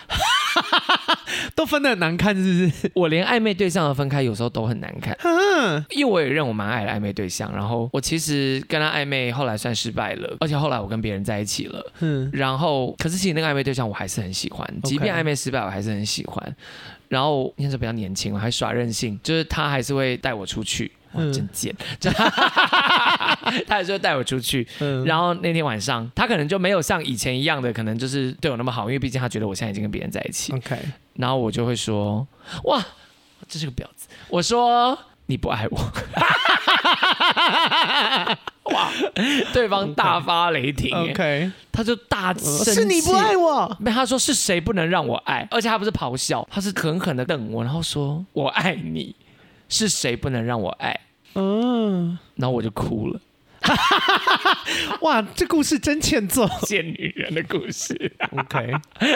哈哈哈哈哈！ 都分的很難看，是不是？ 我連曖昧對象的分開有時候都很難看。嗯，因為我也認我蠻愛的曖昧對象，然後我其實跟他曖昧，後來算失敗了，而且後來我跟別人在一起了。嗯，然後可是其實那個曖昧對象我還是很喜歡，即便曖昧失敗我還是很喜歡。然後那時候比較年輕嘛，還耍任性，就是他還是會帶我出去。哇，真賤！哈哈哈哈哈！他也是會帶我出去，嗯、然後那天晚上，他可能就沒有像以前一樣的，可能就是對我那麼好，因為畢竟他覺得我現在已經跟別人在一起。OK，然後我就會說：“哇，這是個婊子！”我說：“你不愛我。 ”哇，對方大發雷霆。OK，, okay. 他就大聲：“是你不愛我！”他說：“是誰不能讓我愛？”而且他不是咆哮，他是狠狠的瞪我，然後說：“我愛你，是誰不能讓我愛？”嗯，然後我就哭了。哈哈哈！哈 哇，這故事真欠揍，賤女人的故事。OK，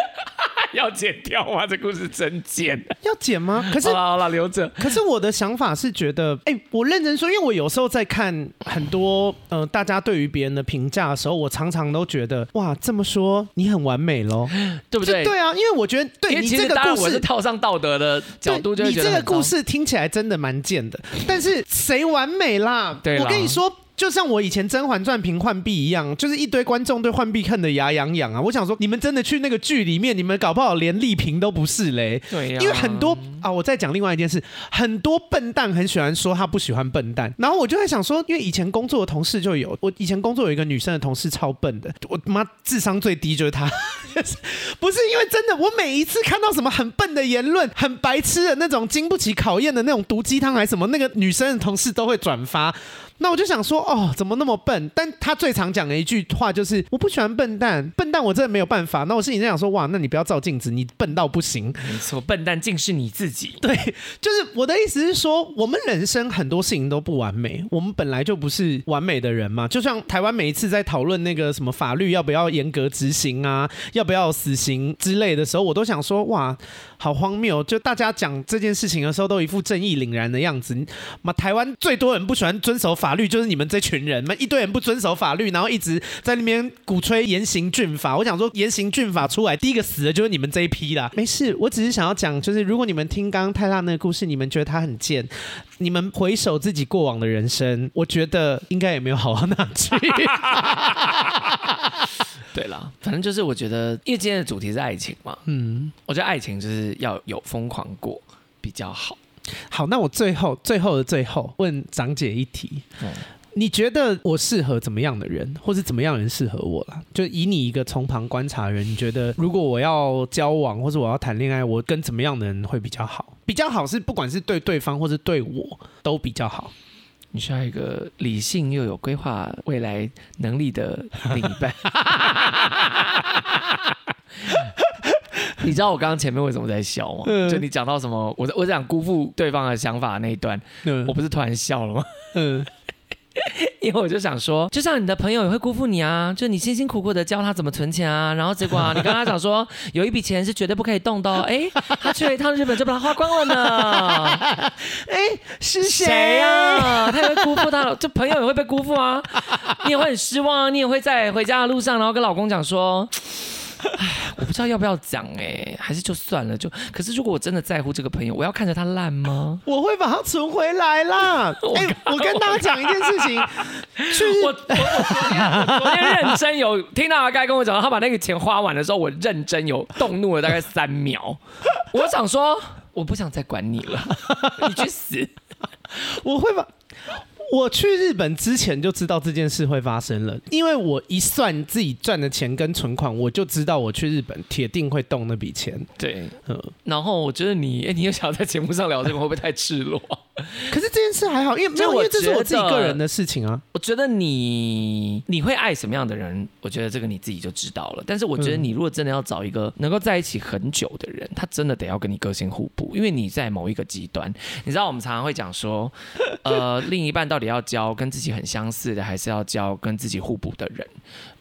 要剪掉啊。這故事真賤，要剪嗎？可是好了好了，留着。可是我的想法是覺得，哎、欸，我認真說，因為我有時候在看很多，呃，大家對於別人的評價的時候，我常常都覺得，哇，這麼說你很完美嘍， 對不對？對啊，因為我覺得，對你這個故事套上道德的角度就很，你這個故事聽起來真的蠻賤的。但是誰完美啦？ 對啦，我跟你說。就像我以前《甄嬛傳》評浣碧一樣，就是一堆觀眾對浣碧恨得牙癢癢啊！我想說，你們真的去那個劇裡面，你們搞不好連麗嬪都不是嘞。對呀、啊。因為很多啊，我再講另外一件事，很多笨蛋很喜歡說他不喜歡笨蛋，然後我就在想說，因為以前工作的同事就有，我以前工作有一個女生的同事超笨的，我媽智商最低就是她。 不是因為真的，我每一次看到什麼很笨的言論、很白痴的那種、經不起考驗的那種毒雞湯，還是什麼，那個女生的同事都會轉發。那我就想說，哦，怎麼那麼笨？但他最常講的一句話就是：“我不喜歡笨蛋，笨蛋我真的沒有辦法。”那我心裡在想說：“哇，那你不要照鏡子，你笨到不行。”你說笨蛋竟是你自己。對，就是我的意思是說，我們人生很多事情都不完美，我們本來就不是完美的人嘛。就像台灣每一次在討論那個什麼法律要不要嚴格執行啊，要不要死刑之類的時候，我都想說：“哇，好荒謬！”就大家講這件事情的時候，都一副正義凜然的樣子嘛。台灣最多人不喜歡遵守法。法律就是你們這群人，們一堆人不遵守法律，然後一直在那邊鼓吹嚴刑峻法。我想說，嚴刑峻法出來，第一個死的就是你們這一批啦。沒事，我只是想要講，就是如果你們聽剛剛泰辣那個故事，你們覺得他很賤，你們回首自己過往的人生，我覺得應該也沒有好到哪去。 對啦，反正就是我覺得，因為今天的主題是愛情嘛，嗯，我覺得愛情就是要有瘋狂過比較好。好，那我最後、最後的最後，問長姐一題。嗯。你覺得我適合怎麼樣的人，或是怎麼樣的人適合我啦？就以你一個從旁觀察人，你覺得如果我要交往或是我要談戀愛，我跟怎麼樣的人會比較好？比較好是不管是對對方或是對對方，或是對我都比較好。你需要一個理性又有規劃未來能力的另一半。 你知道我剛剛前面為什麼在笑嗎？嗯、就你講到什麼，我我在想辜負對方的想法的那一段，嗯、我不是突然笑了嗎？嗯，因為我就想說，就像你的朋友也會辜負你啊，就你辛辛苦苦的教他怎麼存錢啊，然後結果、啊、你跟他講說 有一筆錢是絕對不可以動的，哎、欸，他去一趟日本就把它花光了呢，哎、 欸，是誰呀、啊啊？他也會辜負他，就朋友也會被辜負啊，你也會很失望啊，你也會在回家的路上，然後跟老公講說。我不知道要不要講哎、欸，還是就算了就。可是如果我真的在乎這個朋友，我要看着他爛嗎？我會把他存回來啦。哎 看，欸、我跟大家講一件事情，我我昨天認真有 聽到阿該跟我講，他把那個錢花完的時候，我認真有動怒了大概三秒。 我想說，我不想再管你了，你去死！ 我會把。我去日本之前就知道這件事會發生了，因為我一算自己賺的錢跟存款，我就知道我去日本鐵定會動那筆錢。對，嗯、然後我覺得你，哎、欸，你又想要在節目上聊這個， 會不會太赤裸？可是這件事還好，因為沒有，因為這是我自己個人的事情啊。我覺得你，你會愛什麼樣的人？我覺得這個你自己就知道了。但是我覺得，你如果真的要找一個能夠在一起很久的人，他真的得要跟你個性互補，因為你在某一個極端，你知道我們常常會講說，呃，另一半到。 到底要交跟自己很相似的，還是要交跟自己互補的人？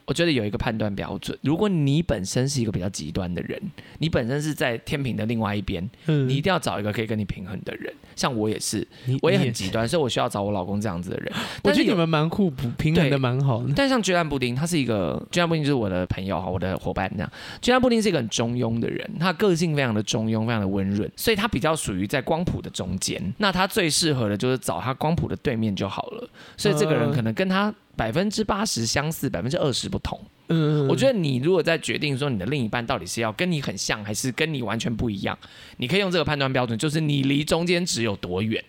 我覺得有一個判斷標準，如果你本身是一個比較極端的人，你本身是在天平的另外一邊，嗯、你一定要找一個可以跟你平衡的人。像我也是，也我也很極端，所以我需要找我老公這樣子的人。但是我覺得你們蠻互補，平衡的蠻好的。對嗯、但像居然布丁，他是一個居然布丁就是我的朋友哈，我的夥伴那樣。居然布丁是一個很中庸的人，他個性非常的中庸，非常的溫潤，所以他比較屬於在光譜的中間。那他最適合的就是找他光譜的對面就好了。所以這個人可能跟他。呃百分之八十相似，百分之二十不同。嗯、我覺得你如果在決定說你的另一半到底是要跟你很像，還是跟你完全不一樣，你可以用這個判斷標準，就是你離中間值有多遠，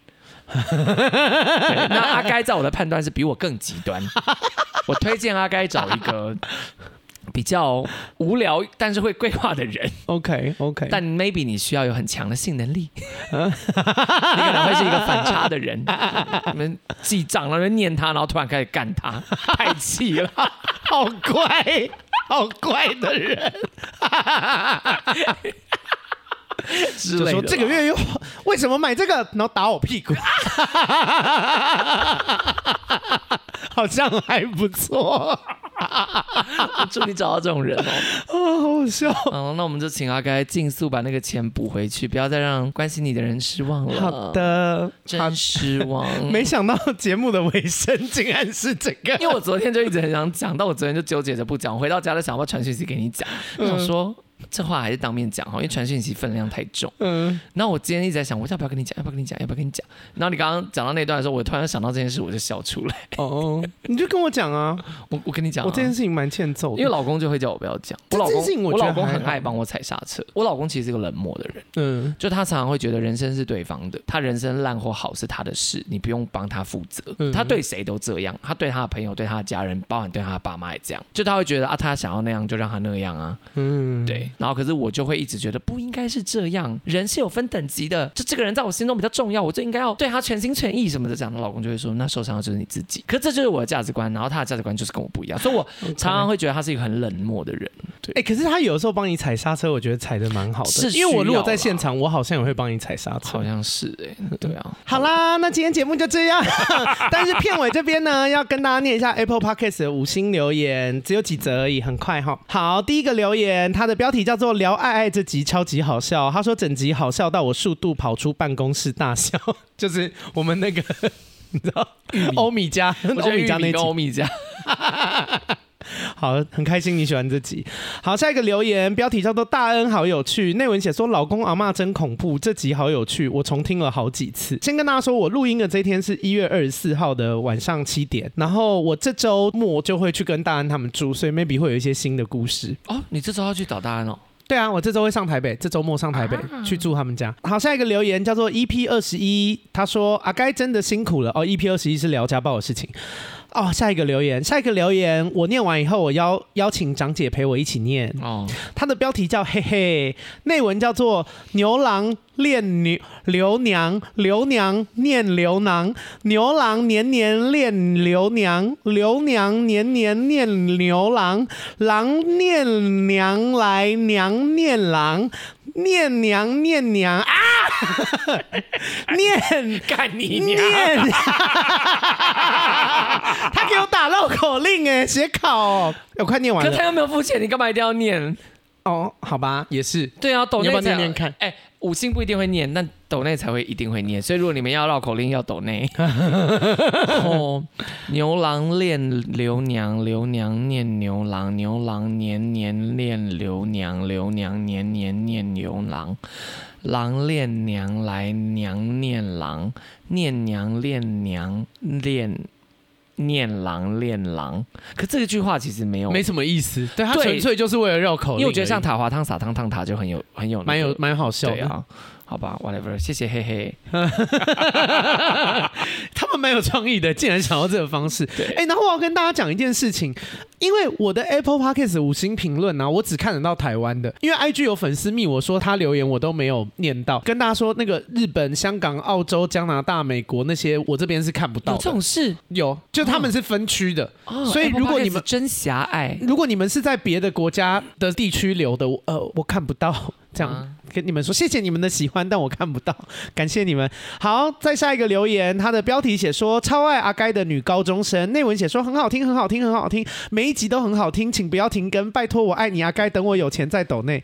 嗯。 那阿該在我的判斷是比我更極端， 我推薦阿該找一個。比較無聊，但是會規劃的人，OK OK，但 maybe 你需要有很強的性能力， 你可能會是一個反差的人， 你們記賬了，就念他，然後突然開始幹他，太氣了， 好乖，好乖的人，就說這個月又為什麼買這個，然後打我屁股， 好像還不錯。哈哈哈哈哈！ 祝你找到這種人、喔、哦，啊，好好笑。嗯，那我們就請阿該盡速把那個錢補回去，不要再讓關心你的人失望了。好的，真失望。沒想到節目的尾聲竟然是這個， 因為我昨天就一直很想講，但我昨天就糾結着不講。回到家就，想要不要傳訊息給你講，我想說。嗯。這話還是當面講哈，因為傳訊息分量太重。嗯。那我今天一直在想，我要不要跟你講？要不要跟你講？要不要跟你講？要不要跟你講？然後你剛剛講到那段的時候，我突然想到這件事，我就笑出來。哦，你就跟我講啊！我我跟你講、啊，我這件事情蠻欠揍的，因為老公就會叫我不要講。我老公，我，我老公很愛幫我踩剎車。我老公其實是個冷漠的人。嗯。就他常常會覺得人生是對方的，他人生爛或好是他的事，你不用幫他負責。嗯、他對誰都這樣，他對他的朋友、對他的家人，包含對他的爸媽也這樣。就他會覺得啊，他想要那樣，就讓他那樣啊。嗯。對。然後，可是我就會一直覺得不應該是這樣，人是有分等級的，就這個人在我心中比較重要，我就應該要對他全心全意什麼的。這樣她老公就會說，那受傷的就是你自己。可是這就是我的價值觀，然後她的價值觀就是跟我不一樣，所以我常常會覺得他是一個很冷漠的人。Okay. 哎、欸，可是他有時候幫你踩剎車，我覺得踩得蠻好的。是因為我如果在現場，我好像也會幫你踩剎車。好像是哎、欸，對啊。好啦，那今天節目就這樣。 但是片尾這邊呢，要跟大家念一下 Apple Podcast 的五星留言，只有幾則而已，很快齁。好，第一個留言，它的標題叫做《聊愛愛》這集超級好笑，他說整集好笑到我速度跑出辦公室大笑， 就是我們那個你知道歐米茄，我覺得歐米茄那個歐米茄。 好，很開心你喜歡這集。好，下一個留言標題叫做“大恩好有趣”，內文寫說老公阿嬤真恐怖，這集好有趣，我重聽了好幾次。先跟大家說，我錄音的這一天是一月二十四號的晚上七點。然後我這周末就會去跟大恩他們住，所以 maybe 會有一些新的故事。哦，你這周要去找大恩哦？對啊，我這周會上台北，這周末上台北、啊、去住他們家。好，下一個留言叫做 “EP 二十一”，他說阿該、啊、真的辛苦了哦。EP 二十一是聊家暴的事情。哦，下一個留言，下一個留言，我念完以後，我邀邀請長姐陪我一起念。哦，它的標題叫“嘿嘿”，內文叫做“牛郎”。念牛劉娘，劉娘念牛郎，牛郎年年戀劉娘，劉娘年年念牛郎，郎念娘來娘念郎，念娘，娘念，郎念娘，念娘啊 念幹你娘。 他給我打繞口令哎、欸，寫考我快念完了。可他又沒有付錢，你幹嘛一定要念？哦，好吧，也是。對啊，懂那講。要不要念念看？哎。五星不一定會念，但抖內才會一定會念。所以如果你們要繞口令，要抖內、 哦。牛郎戀劉娘，劉娘念牛郎，牛郎年年戀劉娘，劉娘年年念牛郎，郎戀娘來娘念郎，念娘戀娘念。練念狼戀狼，可這個句話其實沒有沒什麼意思，對，對它純粹就是為了繞口令。因為我覺得像塔滑湯撒湯燙塔就很有很有、那個，蠻有蠻好笑的。好吧，whatever，謝謝，嘿嘿。 他們蠻有創意的，竟然想到這個方式。哎對、欸，然後我要跟大家講一件事情，因為我的 Apple Podcast 五星評論呢、啊，我只看得到台灣的，因為 IG 有粉絲密我說他留言我都沒有念到，跟大家說那個日本、香港、澳洲、加拿大、美國那些，我這邊是看不到。有這種事？有，就他們是分區的，嗯、所以如果你們、oh, 真狹隘，如果你們是在別的國家的地區留的，呃，我看不到。這樣、嗯啊、跟你們說，謝謝你們的喜歡，但我看不到，感謝你們。好，再下一個留言，他的標題寫說，超愛阿該的女高中生，內文寫說很好聽，很好聽，很好聽，每一集都很好聽，請不要停更，拜託，我愛你，阿該，等我有錢再抖內。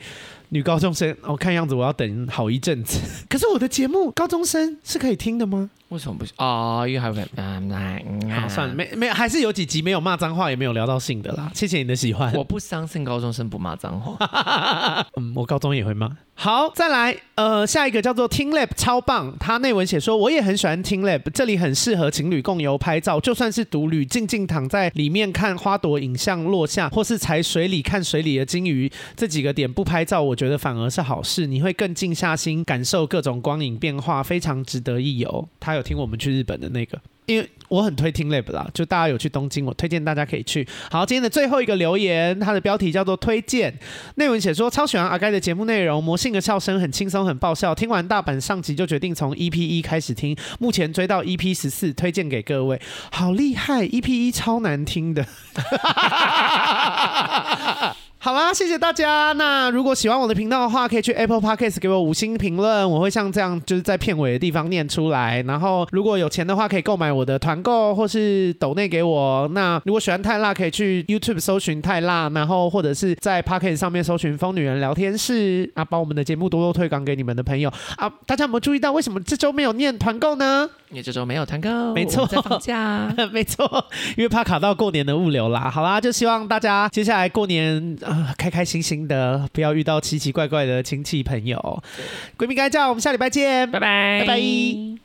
女高中生。我、哦、看樣子我要等好一陣子。可是我的節目高中生是可以聽的嗎？為什麼不行啊？因為還會……嗯，好，算了，沒沒，還是有幾集沒有罵髒話，也沒有聊到性的啦。謝謝你的喜歡。我不相信高中生不罵髒話。 嗯，我高中也會罵。好，再來，呃，下一個叫做聽 lab 超棒。他內文寫說，我也很喜歡聽 lab，這裡很適合情侶共遊拍照。就算是獨旅，靜靜躺在裡面看花朵影像落下，或是踩水裡看水裡的金魚，這幾個點不拍照，我覺得反而是好事。你會更靜下心，感受各種光影變化，非常值得一遊。他有。聽我們去日本的那個，因為我很推聽 Live 啦，就大家有去東京，我推薦大家可以去。好，今天的最後一個留言，它的標題叫做推薦，內文寫說超喜歡阿該的節目內容，魔性的笑聲很輕鬆很爆笑，聽完大阪上集就決定從 EP 一開始聽，目前追到 EP 十四，推薦給各位，好厲害，EP 一超難聽的。 好啦，謝謝大家。那如果喜歡我的頻道的話，可以去 Apple Podcast 給我五星評論，我會像這樣就是在片尾的地方念出來。然後如果有錢的話，可以購買我的團購或是抖內給我。那如果喜歡泰辣，可以去 YouTube 搜尋泰辣，然後或者是在 Podcast 上面搜尋瘋女人聊天室啊，把我們的節目多多推廣給你們的朋友啊。大家有沒有注意到為什麼這周沒有念團購呢？因為這週沒有團購錯、啊，沒錯，在放假，沒錯，因為怕卡到過年的物流啦。好啦，就希望大家接下來過年啊、呃，開開心心的，不要遇到奇奇怪怪的親戚朋友。閨對蜜該叫，我們下禮拜見，拜拜，拜拜。拜拜